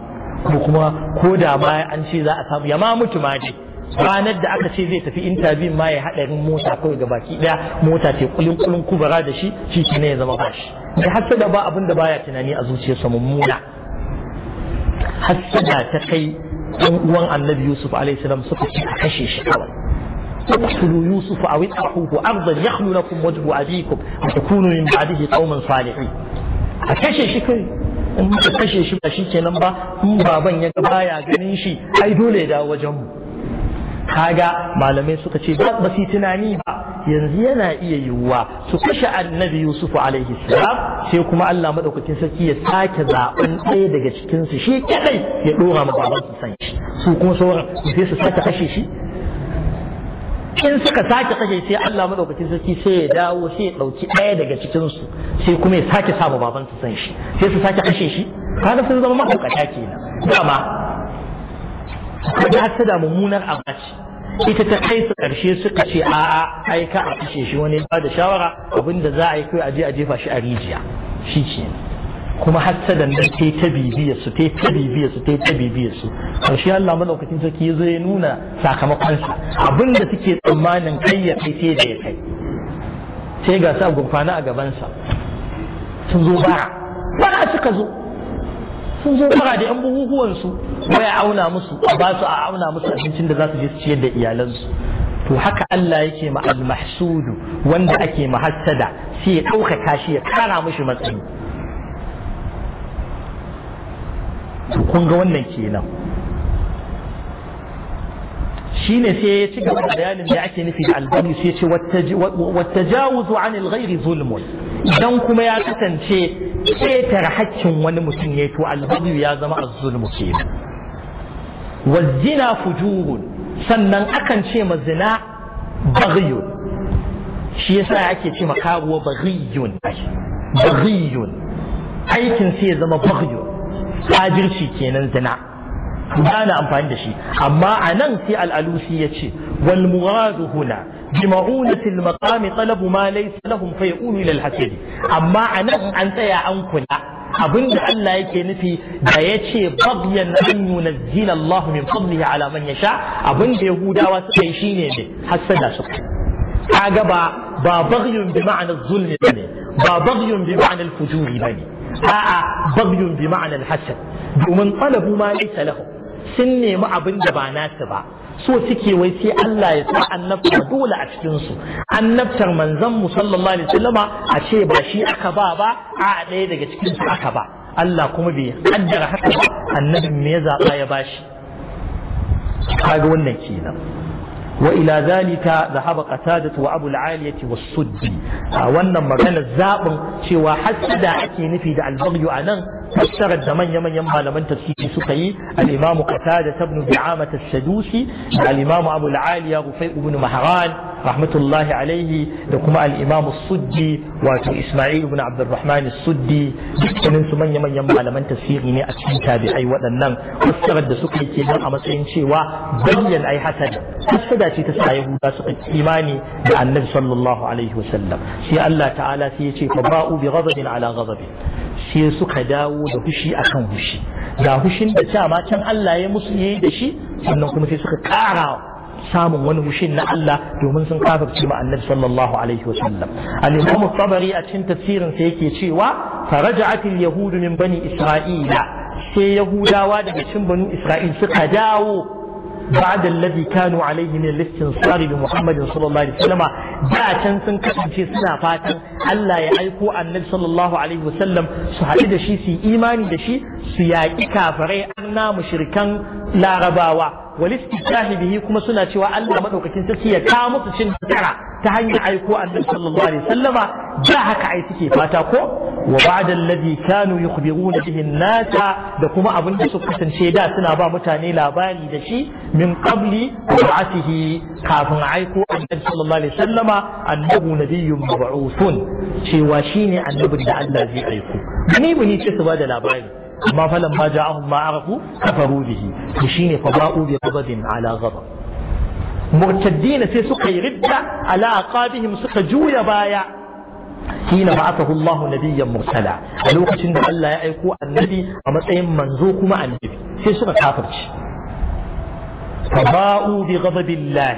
ko kuma ko da ma an ce za a samu ya ma mutu ma dai ranar da aka ce zai tafi intabiyun ma ya haɗarin mota kawai ga baki ɗaya mota ce kulin kulin kubara da shi shi kenan ya zama bashi da hasada ba abin da baya tunani a zuciyarsa mummuna hasada ta kai ɗan uwan annabi yusuf alaihi salam suka ci a kashe shi kawai تقتلوا يوسف أو اطرحوه أرضا يخلو لكم وجه أبيكم وتكونوا من بعده قوما صالحين أكشي شكري in muka kashe shi ba shi kenan ba in baban ya ga baya ganin shi ai dole ya dawo wajen mu kaga malamai suka ce ba su tunani ba yanzu yana iya yiwuwa su kashe annabi yusuf alaihi salam sai kuma Allah madaukakin sarki ya sake zaben ɗaya daga cikin su shi kadai ya dora ma baban su san shi su kuma sauran sai su sake kashe shi in suka sake kashe sai Allah madaukakin sarki sai ya dawo sai ya dauki ɗaya daga cikin su sai kuma ya sake sa baban su san shi sai su sake kashe shi kaga sun zama mahaukata kenan dama ta da mummunar abaci ita ta kai su karshe suka ce a ai ka a kashe shi wani ba da shawara abinda za a yi kai aje je a jefa shi a rijiya shi kenan kuma hassadan da ta ta bibiya su ta ta bibiya su ta ta bibiya su karshe Allah madaukakin sarki yazo ya nuna sakamakon sa abinda suke tsammanin kai ya kai sai da ya kai sai ga sa gurfana a gaban sa sun zo bara bara suka zo sun zo bara da yan buhuhuwan su waya auna musu a ba su a auna musu abincin da za su je su ciyar da iyalansu to haka Allah yake ma al-mahsudu wanda ake mahassada sai ya ɗaukaka shi ya kara mishi matsayi kun ga wannan kenan shi ne sai ya ci gaba da bayanin da ake nufi da albani sai ce wata jawuzu an ilgairi zulmun idan kuma ya kasance ƙetare hakkin wani mutum ya to albani ya zama a zulmu kenan wazina fujurun sannan akan ce ma zina baghiyun shi sa ake ce ma karuwa baghiyun aikin sai ya zama baghiyun fajirci kenan zina ba na amfani da shi amma a nan sai al'alusi ya ce wal muradu huna bi ma'unati al maqami talabu ma laysa lahum fa yaqulu ila al amma a nan an tsaya an kula abinda Allah yake nufi da ya ce bagyan an yunazzila Allah min fadlihi ala man yasha abinda yahudawa suka yi shine ne hasada su kaga ba ba bagyun bi ma'anar zulmi bane ba bagyun bi ma'anar fujuri bane a'a bagyun bi ma'anar hasad domin talabu ma laysa lahu sun nemi abin da ba nasu ba so suke wai sai Allah ya sa annabta dole a cikin su annabtar manzon mu sallallahu alaihi wasallama a ce ba shi aka ba ba a ɗaya daga cikin su aka ba Allah kuma bai kaddara haka ba annabin me ya zaba ya bashi kaga wannan kenan وإلى ذلك ذهب قتادة وأبو العالية والصدي وأن مغانا الزاب شوى حسد أكي نفيد البغي أنا fassarar da manya-manyan malaman tafsiri suka yi al-imam qatada ibn bi'amah sadusi da al-imam abu al-aliya rufai ibn mahran rahmatullahi alaihi da kuma al-imam as-suddi wato isma'il ibn abdurrahman as-suddi dukkanin manya-manyan malaman tafsiri ne a cikin tabi'ai waɗannan fassarar da suka yi kenan a matsayin cewa bayyan ai hasada hasada ce ta sa yahuda suka imani da annabi sallallahu alaihi wasallam sai Allah ta'ala sai ya ce fa ba'u bi ghadabin ala ghadabin sai suka dawo da hushi akan hushi ga hushin da ta ma can Allah ya musu yayi da shi sannan kuma sai suka ƙara samun wani hushin na Allah domin sun kafirce ma Annabi sallallahu alaihi wa sallam al-Imam tabari a cikin tafsirin sa yake cewa faraja al-yahud min bani isra'ila sai yahudawa daga cikin bani isra'il suka dawo بعد الذي كانوا عليه من الاستنصار بمحمد صلى الله عليه وسلم دا can sun kasance suna fatan Allah ya aiko annabi sallallahu alaihi wasallam su haɗu da shi su imani da shi su yaƙi kafirai an na mushrikan larabawa walistifahi bihi kuma suna cewa Allah madaukakin sarki ya kawo musu cin nasara ta hanyar aiko annabi sallallahu alaihi wasallama da haka ai suke fata ko wa ba'da alladhi kanu yukhbiruna bihi an-nasa da kuma abin da suka kasance da suna ba mutane labari da shi min qabli ba'athihi kafin aiko annabi sallallahu alaihi wasallama annahu nabiyyun mab'uthun cewa shine annabin da Allah zai aiko ni bani ce su ba da labari amma falan ma ja'ahum ma arafu kafaru bihi to shine fa ba'u bi ghadabin ala ghadab murtaddina sai suka yi ridda ala aqabihim suka juya baya hina ba'athahu Allah nabiyyan Murtala, a lokacin da Allah ya aiko annabi a matsayin manzo kuma annabi sai suka kafirci fa ba'u bi ghadabillah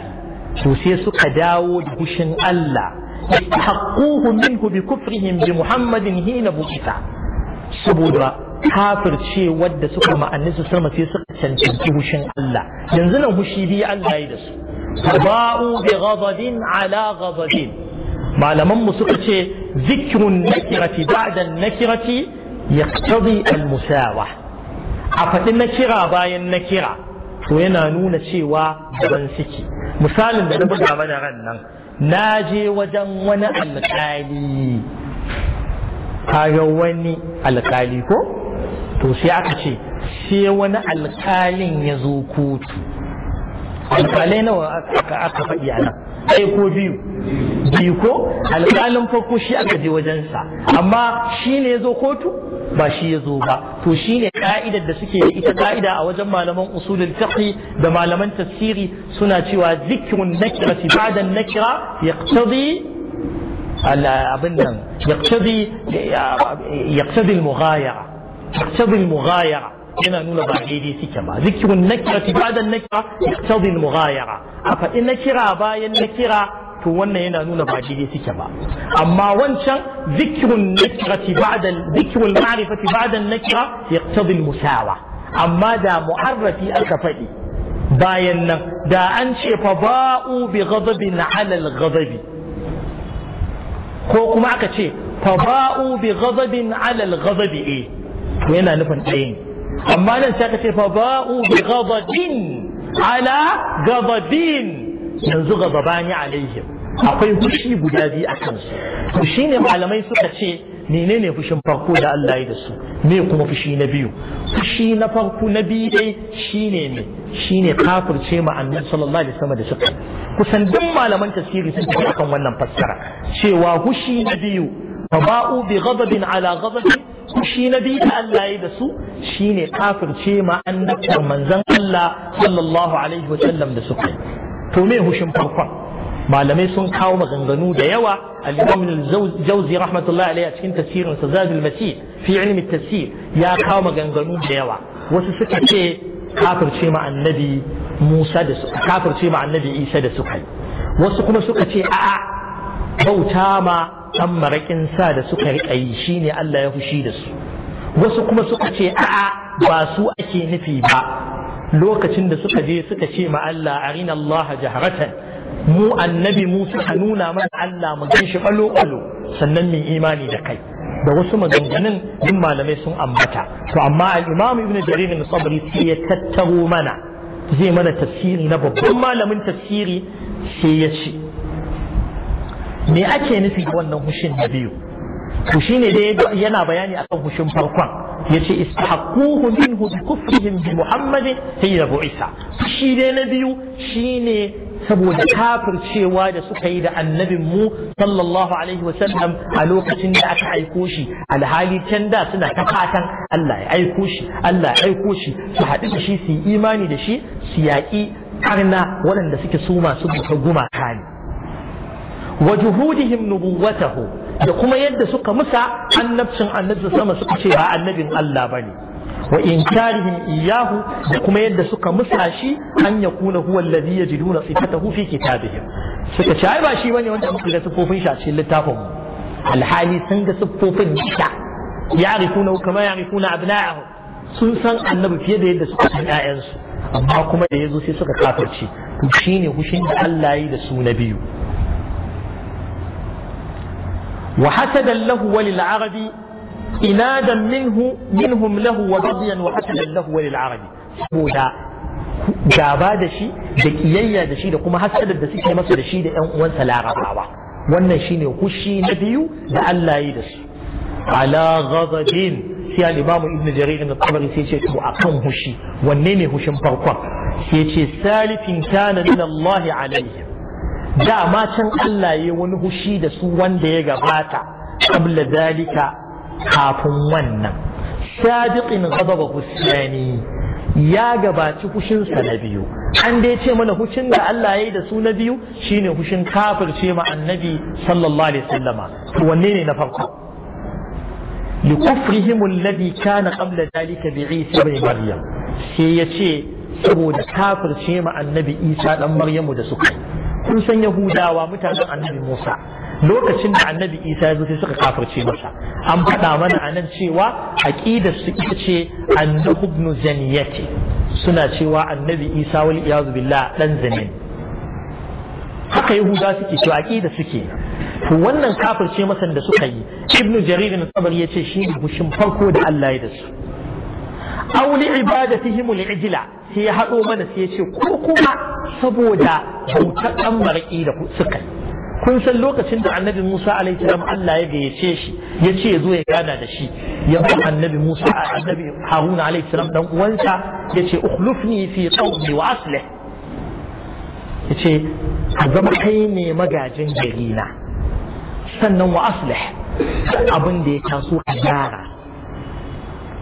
to sai suka dawo da hushin Allah haquhu minhu bi kufrihim bi Muhammadin hina bu'ita saboda kafirce wadda suka ma'anni su sama sai suka cancanci hushin Allah yanzu nan hushi biyu Allah ya da su ba'u bi ghadabin ala ghadabin malaman mu suka ce zikrun nakirati ba'da nakirati yaqtadi al musawa a faɗi nakira bayan nakira to yana nuna cewa daban suke misalin da na buga mana ran nan na je wajen wani alƙali Ka ga wani alƙali ko to sai aka ce sai wani alƙalin ya zo kotu alƙalai nawa aka faɗi a nan ɗaya ko biyu biyu ko alƙalin farko shi aka je wajensa amma shi ne ya zo kotu ba shi ya zo ba to shi ne ka'idar da suke da ita ka'ida a wajen malaman usulul fiqh da malaman tafsiri suna cewa zikrun nakirati ba'da nakira yaqtadi abin nan yaqtadi yaqtadi al-mughayara تقتضي المغايرة yana nuna ba daidai suke ba zikirun nakira ibadan nakira yaqtadi al-mughayara a faɗi nakira bayan nakira to wannan yana nuna ba daidai suke ba amma wancan zikirun nakira ba'da zikrul ma'rifati ba'da nakira yaqtadi al-musawa amma da mu'arrafi aka faɗi bayan nan da an ce fa ba'u bi ghadabin 'ala al-ghadabi ko kuma aka ce fa ba'u bi ghadabin 'ala al-ghadabi eh to yana nufin ɗayan amma nan sai ka ce fa ba'u bi ghadabin ala ghadabin yanzu ghadabani alaihim akwai fushi guda biyu a kansu to shine malamai suka ce menene fushin farko da Allah ya da su me kuma fushi na biyu fushi na farko na biyu dai shine ne shine kafirce ma annabi sallallahu alaihi wasallam da suka kusan duk malaman tafsiri sun tafi akan wannan fassara cewa fushi na biyu fa ba'u bi ghadabin ala ghadabin shi na bi ta Allah ya da su shine kafirce ma annabtar manzon Allah sallallahu alaihi wa sallam da suka yi to me hushin farkon malamai sun kawo maganganu da yawa al-imam al-jawzi rahmatullahi alaihi cikin tafsirin sa zadul masih fi ilmi tafsir ya kawo maganganu da yawa wasu suka ce kafirce ma annabi Musa da su kafirce ma annabi Isa da suka yi wasu kuma suka ce a'a bauta ma ɗan maraƙin sa da suka riƙa yi shine Allah ya fushi da su wasu kuma suka ce a'a ba su ake nufi ba lokacin da suka je suka ce ma Allah arina Allah jaharatan mu annabi Musa a nuna mana Allah mu gan shi balo sannan min imani da kai da wasu maganganun duk malamai sun ambata to amma al-Imam Ibn Jarir al-Sabri sai ya tattaro mana zai mana tafsiri na babban malamin tafsiri sai ya ce me ake nufi da wannan hushin na biyu to shine dai yana bayani akan hushin farkon yace istahaqquhu minhu bi kufrihim bi muhammadin hina bu'isa shi dai na biyu shine saboda kafircewa da suka yi da annabin mu sallallahu alaihi wasallam a lokacin da aka aiko shi alhali can da suna ta fatan Allah ya aiko shi Allah ya aiko shi su haɗu da shi su yi imani da shi su yaƙi karna waɗanda suke su masu buta gumaka ne wa juhudihim da kuma yadda suka musa annabcin annabi sama suka ce ba annabin Allah bane wa inkarihim iyahu da kuma yadda suka musa shi an yakuna huwa alladhi yajiduna sifatahu fi kitabihim suka ce ai ba shi bane wanda muka ga sifofin shi a cikin littafin mu alhali sun ga siffofin duka kuma kama ya'rifuna abna'ahum sun san annabi fiye da yadda suka san 'ya'yansu amma kuma da yazo sai suka kafirce to shine hushin da Allah yi da su na biyu وحسدا له وللعرب إنادا منه منهم له وبغيا وحسدا له وللعرب جابا دشي دكيايا دشي دكما حسدا دسي كما سدشي دأن وانسا لعرب وانا شيني وخشي نبيو لأن لا يدس على غضب سي الإمام ابن جرير من الطبري سي شيء أقام هشي وانيني هشم فرقا سي ثالث كان من الله عليهم dama can Allah ya wani hushi da su wanda ya gabata qabla dalika kafin wannan sadiqin ghadaba husyani ya gabaci hushin sa na biyu an dai ce mana hushin da Allah ya yi da su na biyu shine hushin kafirce ma annabi sallallahu alaihi wasallama to wanne ne na farko لكفرهم الذي كان قبل ذلك بعيسى بن maryam sai ya ce saboda kafirce ma annabi isa dan maryamu da suka kun san yahudawa mutanen annabi musa lokacin da annabi isa ya zo sai suka kafirce masa an faɗa mana a nan cewa aƙidar su ita ce annahu ibn zaniyati suna cewa annabi isa wal iyazu billah dan zanin haka yahuda suke to aqida suke to wannan kafirce masan da suka yi ibnu jarir na tsabar yace shi ne bushin farko da Allah ya da su aw li ibadatihim al-ijla sai ya hado mana sai ya ce ko kuma saboda bautar dan da suka kun san lokacin da annabi Musa alaihi salam Allah ya gayyace shi ya ce ya zo ya gana da shi ya ba annabi Musa annabi Haruna alaihi salam dan uwansa ya ce ukhlifni fi qawmi wa aslih ya ce a zama kai ne magajin gari na sannan wa aslih abin da ya taso a gyara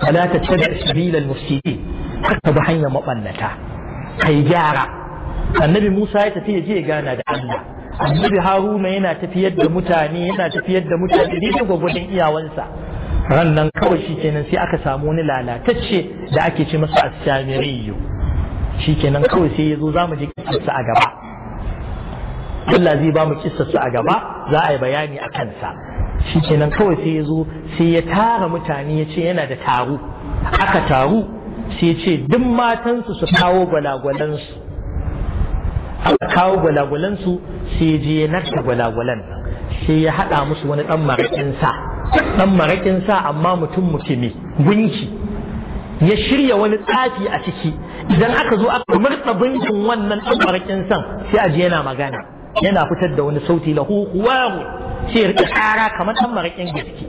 ولا تتبع سبيل المفسدين كتب حين مبنتا كي جارة النبي موسى يتفيه جي جانا دا الله النبي هارون ينا تفيه دا متاني ينا تفيه دا متاني دي تقو قدن إيا وانسا rannan kawai shi kenan sai aka samu wani lalatacce da ake ce masa as-samiriyu shi kenan kawai sai ya zo za mu je a gaba Allah zai ba mu su a gaba za a yi bayani a kansa shi kenan kawai sai ya zo sai ya tara mutane ya ce yana da taru aka taru sai ya ce duk matansu su kawo gwalagwalansu aka kawo gwalagwalansu sai ya je ya narka gwalagwalan sai ya haɗa musu wani ɗan maraƙin sa ɗan maraƙin sa amma mutum mutumi gunki ya shirya wani tsafi a ciki idan aka zo aka murɗa gunkin wannan ɗan maraƙin san sai a je yana magana yana fitar da wani sauti lahu sai ya rika kara kamar dan marakin gaske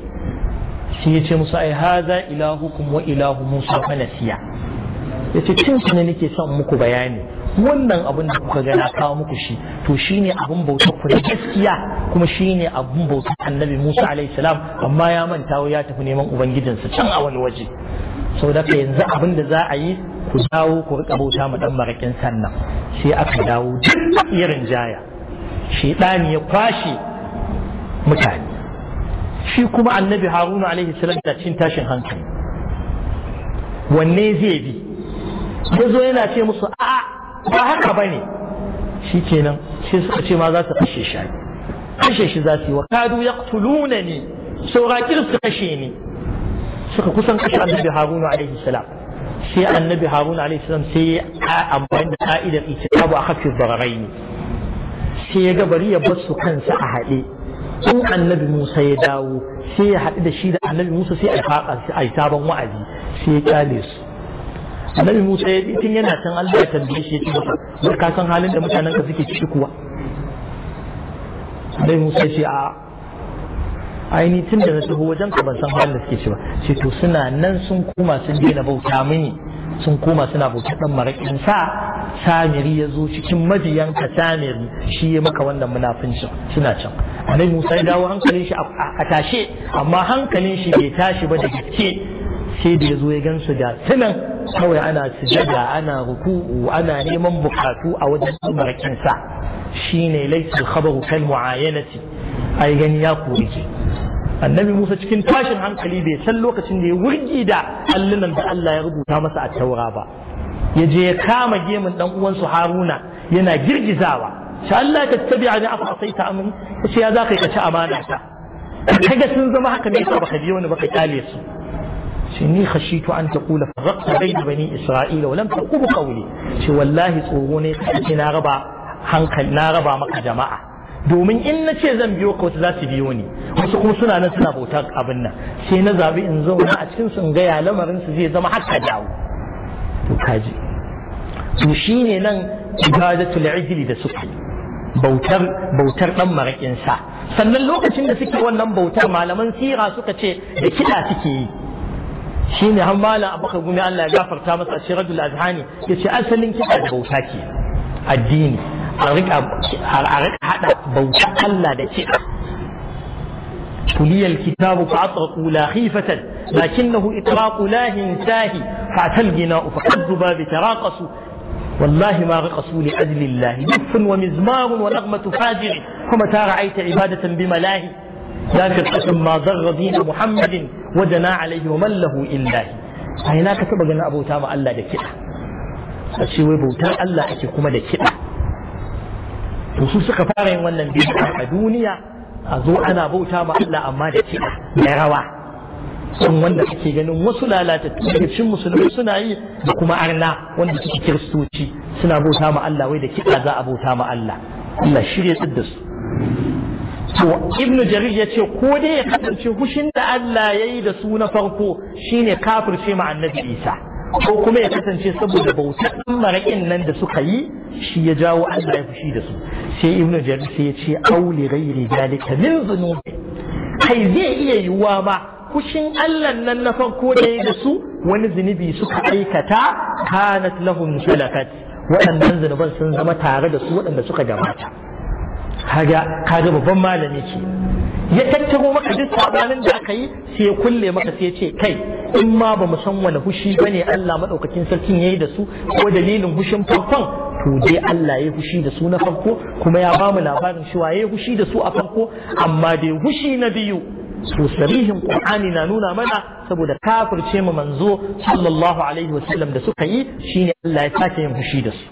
sai ya ce musu ai haza ilahukum wa ilahu musa fa nasiya yace cin ne nake son muku bayani wannan abin da kuka gana kawo muku shi to shine abin bauta ku da gaskiya kuma shine abin bauta annabi Musa alaihi salam amma ya manta ya tafi neman ubangijinsa can a wani waje saboda ka yanzu abin da za a yi ku dawo ku rika bauta mu dan marakin sannan sai aka dawo duk irin jaya shaidani ya kwashe mutane shi kuma annabi haruna alaihi salam da cin tashin hankali wanne zai bi ya zo yana ce musu a ba haka ba ne shi kenan sai suka ce ma za su kashe shi kashe shi za su yi wa kadu ya tuluna ne saurakin su kashe ne suka kusan kashe annabi haruna alaihi salam sai annabi haruna alaihi salam sai ya amfani da ka'idar ita babu a kafin bararai ne sai ya ga bari ya bar su kansa a haɗe in annabi Musa ya dawo sai ya haɗu da shi da annabi Musa sai a faɗa a yi sabon wa'azi sai ya kyale su annabi Musa ya tun yana can Allah ya tambaye shi ya ce masa ka san halin da mutanen ka suke ciki kuwa annabi Musa ya ce a aini tun da na taho wajen ka ban san halin da suke ci ba sai to suna nan sun koma sun daina bauta mini sun koma suna bauta dan marakin sa samiri ya zo cikin majiyan ka samiri shi ya maka wannan munafincin suna can annabi Musa ya dawo hankalin shi a tashe amma hankalin shi bai tashi ba da gaske sai da ya zo ya gansu da tunan kawai ana sujada ana ruku, ana neman bukatu a wajen marakin sa shine laysa khabaru kal mu'ayanati ai gani ya kori annabi Musa cikin tashin hankali bai san lokacin da ya wurgi da allunan da Allah ya rubuta masa a taura ba ya je ya kama gemun dan uwansu Haruna yana girgizawa sha Allah ka tabi ani afa asaita amin kace ya zaka ka ci amana ta kaga sun zama haka ne ba ka je ni ba ka kyale su shi ni khashitu an taqula farraqta bayna bani isra'ila wa lam taqub qawli shi wallahi tsoro ne na raba hankali na raba maka jama'a domin in na ce zan biyo ka wasu za su biyo ni wasu kuma suna nan suna bauta abin nan sai na zabi in zauna a cikin sun gaya lamarin su zai zama haka dawo to kaji to shine nan ibadatul ijli da suka bautar bautar dan marakin sa sannan lokacin da suke wannan bautar malaman sira suka ce da kiɗa suke yi shine har malam abaka gumi Allah ya gafarta masa a shiradul azhani yace asalin kiɗa da bauta ke addini a rika hada bauta Allah da الكتاب فأطرقوا لا خيفة لكنه إطراق لا هنساه فأتى الغناء فقد ذباب تراقص والله ما رقصوا لأجل الله دف ومزمار ونغمة فاجر فمتى رأيت عبادة بملاه ذاك القسم ما ضر دين محمد ودنا عليه ومن له إلا هي هناك تبغى أبو تام ألا دكئة أشي وبوتان ألا أشي كما دكتور to su suka fara yin wannan bid'a a duniya a zo ana bauta ma Allah amma da kiɗa da rawa sun wanda kake ganin wasu lalata, daga cikin suna yi da kuma arna wanda suke kiristoci suna bauta ma Allah wai da kiɗa za a bauta ma Allah Allah shirye da su to ibn jarir ya ce ko dai ya kasance hushin da Allah ya yi da su na farko shine kafirce ma annabi Isa ko kuma ya kasance saboda bautar maraƙin nan da suka yi shi ya jawo Allah ya fushi da su sai ibnu jarir sai ya ce auli ghairi dalika min zunubi kai zai iya yiwuwa ba kushin Allah nan na farko da ya da su wani zunubi suka aikata kanat lahum salafat waɗannan zunuban sun zama tare da su waɗanda suka gabata kaga kaga babban malami ce ya tattaro maka duk sabanin da aka yi sai ya kulle maka sai ya ce kai in ma ba mu san wani hushi ba ne Allah maɗaukacin sarkin yayi da su ko dalilin hushin farkon to dai Allah yi hushi da su na farko kuma ya ba mu labarin shi waye hushi da su a farko amma dai hushi na biyu su sarihin qur'ani na nuna mana saboda kafirce mu manzo sallallahu alaihi wasallam da suka yi shine Allah ya sake yin hushi da su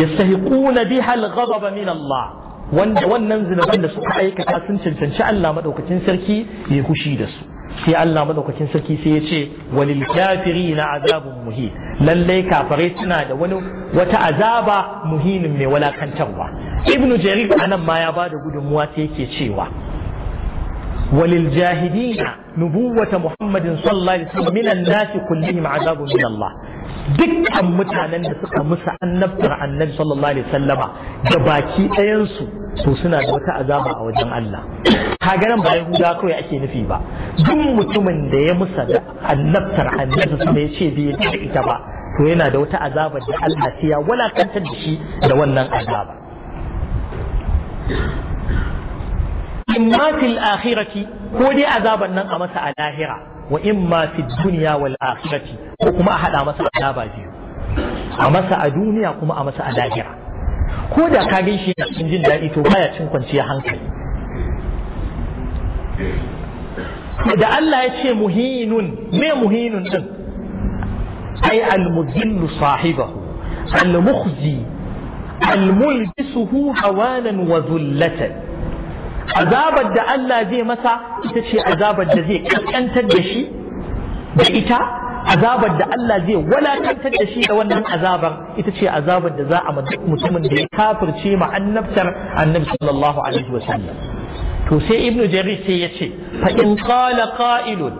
yastahiquna biha al-ghadab min wanda wannan zunuban da suka aikata sun cancanci Allah madaukakin sarki ya kushi da su sai Allah madaukakin sarki sai ya ce walil kafirina azabun muhin lallai kafare suna da wani wata azaba muhinin mai walakantarwa ibnu jarir anan ma ya bada gudunmuwa sai yake cewa walil jahidina nubuwata muhammadin sallallahu alaihi wasallam minan nasi kullihim azabun min Allah dukkan mutanen da suka musa annabtar annabi sallallahu alaihi sallama da baki ɗayansu to suna da wata azaba a wajen Allah kaga ba yahuda kawai ake nufi ba duk mutumin da ya musa da annabtar annabi sallallahu ya ce bai da ita ba to yana da wata azaba da Allah sai ya da shi da wannan azaba imma fil akhirati ko dai azaban nan a masa a lahira wa imma fid dunya wal akhirati ko kuma a haɗa masa azaba biyu a masa a duniya kuma a masa a lahira ko da ka gaishe shi cikin jin daɗi to baya cin kwanciyar hankali da Allah ya ce muhinun me muhinun din ai al-mudillu sahibahu al-mukhzi al-mulbisuhu hawanan wa zullatan azabar da Allah zai masa ita ce azabar da zai kaskantar da shi da ita azabar da Allah zai walakantar da shi da wannan azabar ita ce azabar da za a mutumin da ya kafirce ma annabtar annabi sallallahu alaihi wasallam to sai ibnu jarir sai ya ce fa in qala qa'ilun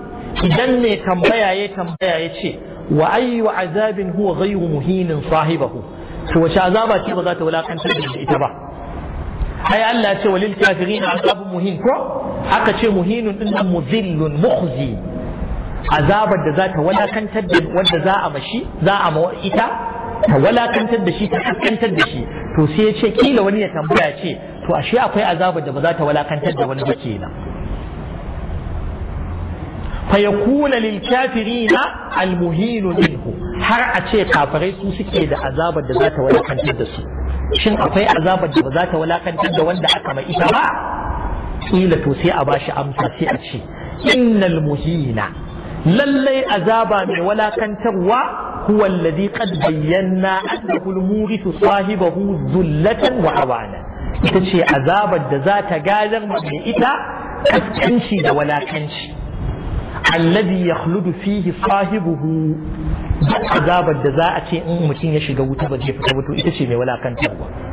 idan mai tambaya ya tambaya ya ce wa ayyu azabin huwa ghayru muhinin sahibahu to wace azaba ce ba za ta walakantar da ita ba ai Allah ce walil kafirin azabun muhin ko aka ce muhinun din nan muzillun mukhzi azabar da za ta walakantar da wanda za a mashi za a ma ita ta walakantar da shi ta kaskantar da shi to sai ya ce kila wani ya tambaya ce to ashe akwai azabar da ba za ta walakantar da wani ba kenan فيكون al المهين منه har a ce kafirai su suke da azabar da za ta walakantar da su shin akwai azabar da ba za ta walakantar da wanda aka mai ita ba kila to sai a bashi amsa sai a ce innal muhina للي أذابا ولا كان كنتوا هو الذي قد بينا أنه المورث صاحبه ذلة وعوانا تشي عذاب الجزاك قادر من إتا كانشي ولا كانشي الذي يخلد فيه صاحبه عذاب الجزاء أتي أم متين يشي قوته بجي فتبتو إتشي ولا كنتوا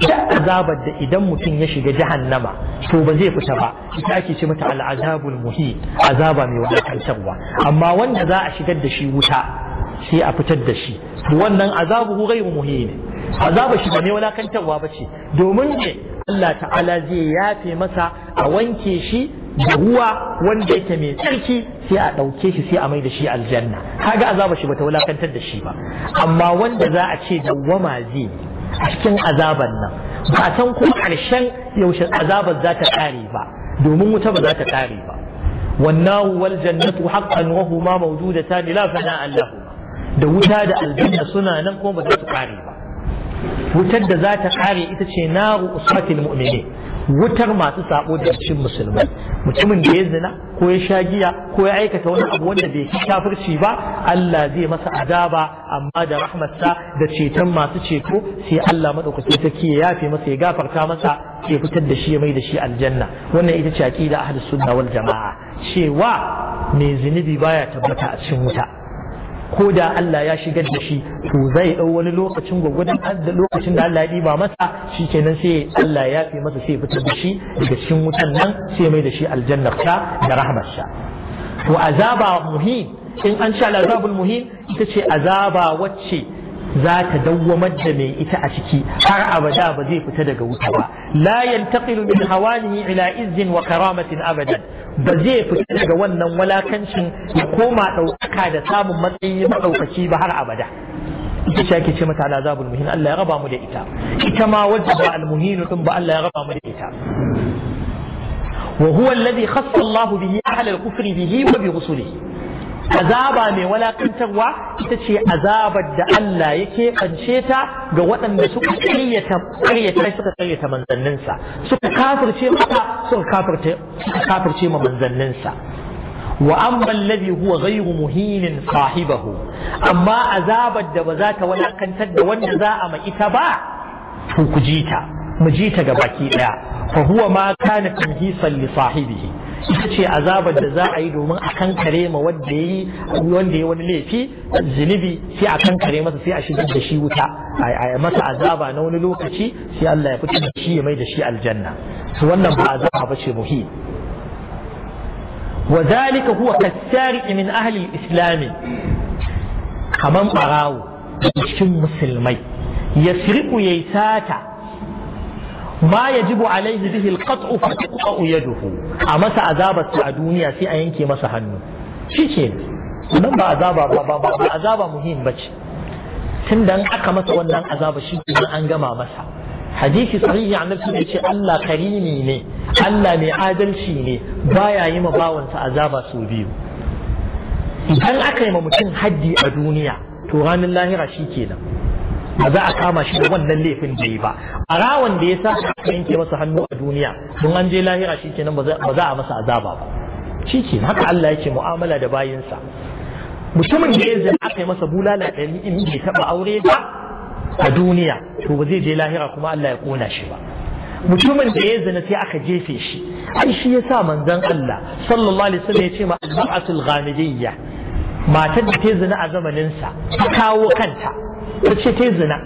da azabar da idan mutum ya shiga jahannama to ba zai fita ba ita ake ce mata al'azabul muhi azaba mai wadatarwa amma wanda za a shigar da shi wuta sai a fitar da shi to wannan azabu ghairu muhi ne azaba shi ba mai wadatarwa ba ce domin ne Allah ta'ala zai yafe masa a wanke shi da ruwa wanda yake mai tsarki sai a ɗauke shi sai a mai da shi aljanna kaga azaba shi bata wulakantar da shi ba amma wanda za a ce dawwama zai a cikin azaban nan ba san kuma ƙarshen yaushe azabar za ta ƙare ba domin wuta ba za ta ƙare ba wannan wal jannatu haqqan wa huma mawjudatan la fana allahu da wuta da aljanna suna nan kuma ba za su ƙare ba wutar da za ta kare ita ce naru usatil mu'mini wutar masu sabo da cikin musulmai mutumin da ya zina ko ya sha giya ko ya aikata wani abu wanda bai ki kafirci ba Allah zai masa azaba amma da rahmatsa da ceton masu ceto sai Allah madaukaki take ya yafe masa ya gafarta masa ya fitar da shi ya mai da shi aljanna wannan ita ce aqida ahlus sunna wal jamaa cewa mai zinubi baya tabbata a cikin wuta ko da Allah ya shigar da shi to zai ɗau wani lokacin gwagwadon lokacin da Allah ya ɗiba masa shi kenan sai Allah ya fi masa sai fitar da shi daga cikin wutan nan sai mai da shi aljannar da rahmar sa to azaba muhim in an sha azabul muhim ita ce azaba wacce za ta dawwamar da mai ita a ciki har abada ba zai fita daga wuta ba la yantaqilu min hawanihi ila izzin wa karamatin abadan ba zai fita daga wannan walakancin ya koma ɗaukaka da samun matsayi maɗaukaci ba har abada ita ce ake ce mata al'azabul muhin Allah ya raba mu da ita ita ma wadda ba al muhinu din ba Allah ya raba mu da ita wa huwa alladhi khassa Allah bihi ahla al-kufri bihi wa bi rusulihi azaba mai walakantarwa ita ce azabar da Allah ya keɓance ta ga waɗanda suka ƙaryata ƙaryata suka ƙaryata manzanninsa suka kafirce mata suka kafirce suka kafirce ma manzanninsa wa amma alladhi huwa ghayru muhinin sahibahu amma azabar da ba za ta walakantar da wanda za a ma ita ba to ku ji ta mu ji ta ga baki daya fa huwa ma kana tanhisan li sahibihi ita ce azabar da za a yi domin a kankare ma wanda yi wanda ya wani laifi zunubi sai a kankare masa sai a shigar da shi wuta a masa azaba na wani lokaci sai Allah ya fito da shi ya mai da shi aljanna wannan ba azaba ba ce muhim wa zalika huwa min ahli islami kaman barawo cikin musulmai ya yasriqu sata ma yajibu alaihi bihi alqat'u fa tuqta'u yaduhu a masa azabar a duniya sai a yanke masa hannu shike nan ba azaba ba ba ba azaba muhim bace tun dan aka masa wannan azaba shi an gama masa hadisi sahihi annabi sun ce Allah karimi ne Allah mai adalci ne baya yi ma bawansa azaba sau biyu idan aka yi ma mutum haddi a duniya to ranar lahira shi kenan ba za a kama shi da wannan laifin da yi ba a rawan da ya sa aka yanke masa hannu a duniya don an je lahira shi kenan ba za a masa azaba ba shi ke haka Allah yake mu'amala da bayinsa mutumin da ya zai aka yi masa bulala ɗari in bai taɓa aure ba a duniya to ba zai je lahira kuma Allah ya kona shi ba mutumin da ya zina sai aka jefe shi ai shi ya sa manzon Allah sallallahu alaihi wasallam ya ce ma al-mar'atul ghamidiyya matar da ta zina a zamaninsa ta kawo kanta ce ta zina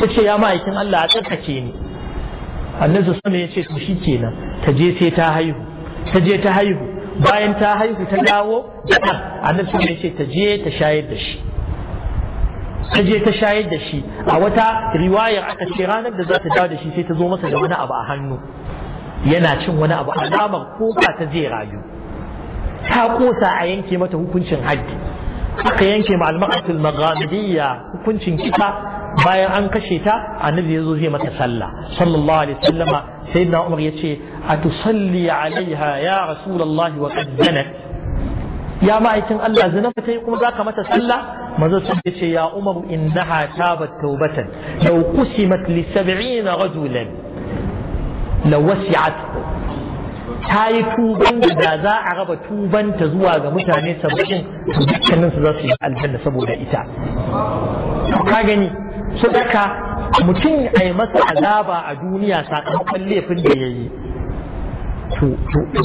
ta ce ya ma'aikin Allah a tsarkake ni annabi sama ya ce to shi kenan ta je sai ta haihu ta je ta haihu bayan ta haihu ta dawo annabi sama ya ce ta je ta shayar da shi ta je ta shayar da shi a wata riwayar aka ce ranar da za ta dawo da shi sai ta zo masa da wani abu a hannu yana cin wani abu alamar ko ta zai rayu ta kosa a yanke mata hukuncin haddi aka yanke ma al-maqatul hukuncin kisa bayan an kashe ta annabi yazo zai mata sallah sallallahu alaihi wasallama sayyidina umar yace atusalli alaiha ya rasulullahi wa qad zanat ya ma'aikin Allah zina ta yi kuma zaka mata sallah manzo sun ce ya umar innaha tabat tawbatan law qusimat li 70 rajulan lawasi'at ta yi tuban da za a raba tuban ta zuwa ga mutane saba'in to dukkanin su za su yi aljanna saboda ita ka gani su daka mutum a yi masa azaba a duniya sakamakon laifin da ya yi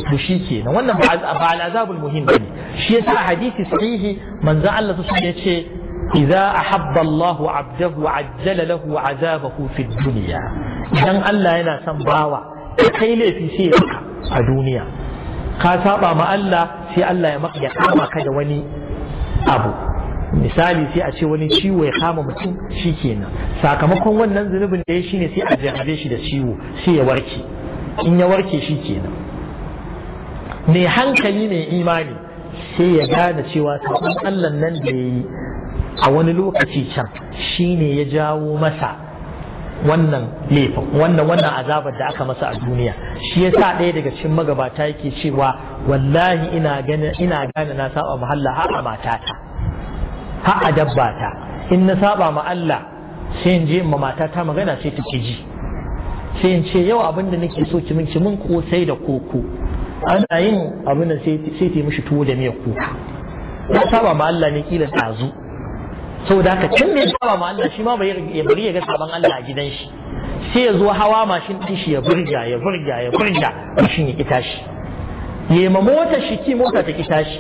to shi ke nan wannan ba al'azabul muhim ba ne shi yasa a hadisi sahihi manzo Allah su ya ce idza ahabba Allah abdahu ajjala lahu azabahu fid dunya idan Allah yana son bawa kai laifi sai ya maka a duniya ka saba ma Allah sai Allah ya maka ya kama ka da wani abu misali sai a ce wani ciwo ya kama mutum shi kenan sakamakon wannan zunubin da ya shine sai a jahabe shi da ciwo sai ya warke in ya warke shi kenan mai hankali mai imani sai ya gane cewa sabon Allah nan da ya yi a wani lokaci can shine ya jawo masa wannan laifin wannan wannan azabar da aka masa a duniya shi ya sa ɗaya daga cikin magabata yake cewa wallahi ina gane ina gane na saba ma Allah ha a matata ha a dabbata in na saba ma Allah sai in je ma matata magana sai ta ji sai in ce yau abin da nake so ki min ki min sai da koko ana yin abin da sai ta mishi tuwo da miyar koko, na saba ma Allah ne kila tazu saboda haka tun da ya saba ma Allah shi ma ya bari ya ga saban Allah a gidan shi sai ya zo hawa mashin tishi ya burga ya burga ya burga mashin ya kita shi ma mota shi ki mota ta kita shi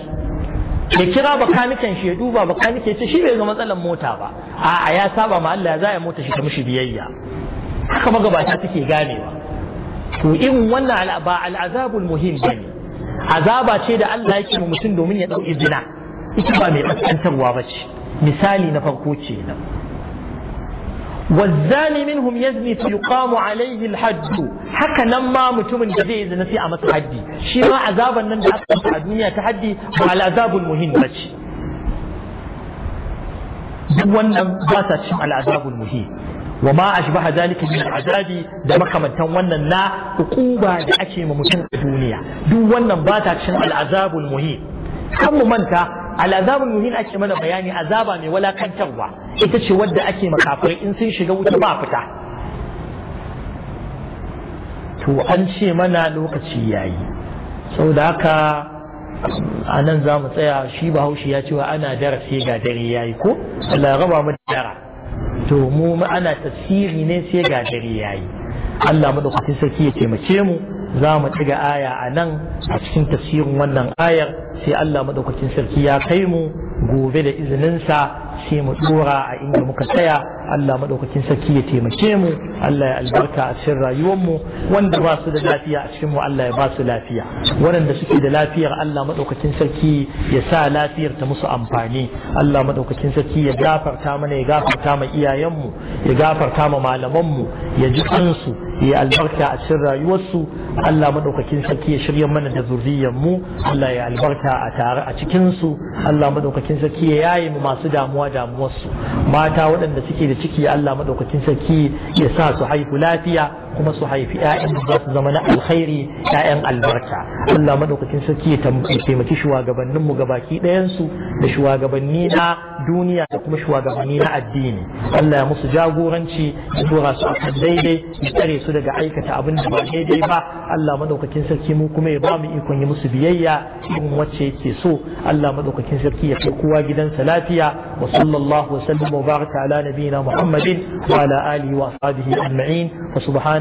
ya kira bakanikan shi ya duba bakanike ce shi bai ga matsalan mota ba a'a ya saba ma Allah za ya mota shi ta mushi biyayya haka magabata take ganewa to in wannan al'aba al'azabul muhim bane azaba ce da Allah yake mu mutum domin ya dauki zina ita ba mai kaskantarwa ba ce مثالي نفقوتي والزاني منهم يزني فيقام عليه الحج حكى نما متوم جزي إذا نسي أما تحدي شما عذابا من أكثر الدنيا تحدي وعلى عذاب المهين بشي دون باتت شما العذاب المهين وما أشبه ذلك من العذاب دمك من تنونا لا أقوبة لأكيم متوم الدنيا دون باتت شما العذاب المهين كم منك al'azabul muhin ake mana bayani azaba mai walakantarwa ita ce wadda ake makafirai in sun shiga wuta ba fita to an ce mana lokaci yayi saboda haka a nan za mu tsaya shi bahaushe ya cewa ana dara sai ga dare yayi ko Allah raba mu dara to mu ana tasiri ne sai ga dare yayi Allah madaukakin sarki ya taimake mu za mu ɗiga aya a nan a cikin tafsirin wannan ayar sai Allah maɗaukacin sarki ya kai mu gobe da izininsa sai mu dora a inda muka tsaya Allah maɗaukakin sarki ya taimake mu Allah ya albarka a cikin rayuwar mu wanda ba su da lafiya a cikin mu Allah ya ba su lafiya waɗanda suke da lafiyar Allah maɗaukakin sarki ya sa lafiyar ta musu amfani Allah maɗaukakin sarki ya gafarta mana ya gafarta ma iyayenmu ya gafarta ma malaman mu ya ji kansu ya albarka a cikin rayuwarsu Allah maɗaukakin sarki ya shirya mana da zuriyar mu Allah ya albarka a tare a cikin su Allah maɗaukakin sarki ya yaye mu masu damuwa damuwarsu mata waɗanda suke da ciki Allah maɗaukakin sarki ya sa su haihu lafiya kuma su haifi yayan da za su zama na alkhairi yayan albarka Allah madaukakin sarki ya taimaki shugabannin mu gabaki ɗayansu da shugabanni na duniya da kuma shugabanni na addini Allah ya musu jagoranci ya tura su akan daidai ya tsare su daga aikata abin da ba daidai ba Allah madaukakin sarki mu kuma ya ba mu ikon yi musu biyayya in wacce yake so Allah madaukakin sarki ya kai kowa gidansa lafiya wa sallallahu wa sallam wa baraka ala nabiyina Muhammadin wa ala alihi wa ashabihi ajma'in wa subhana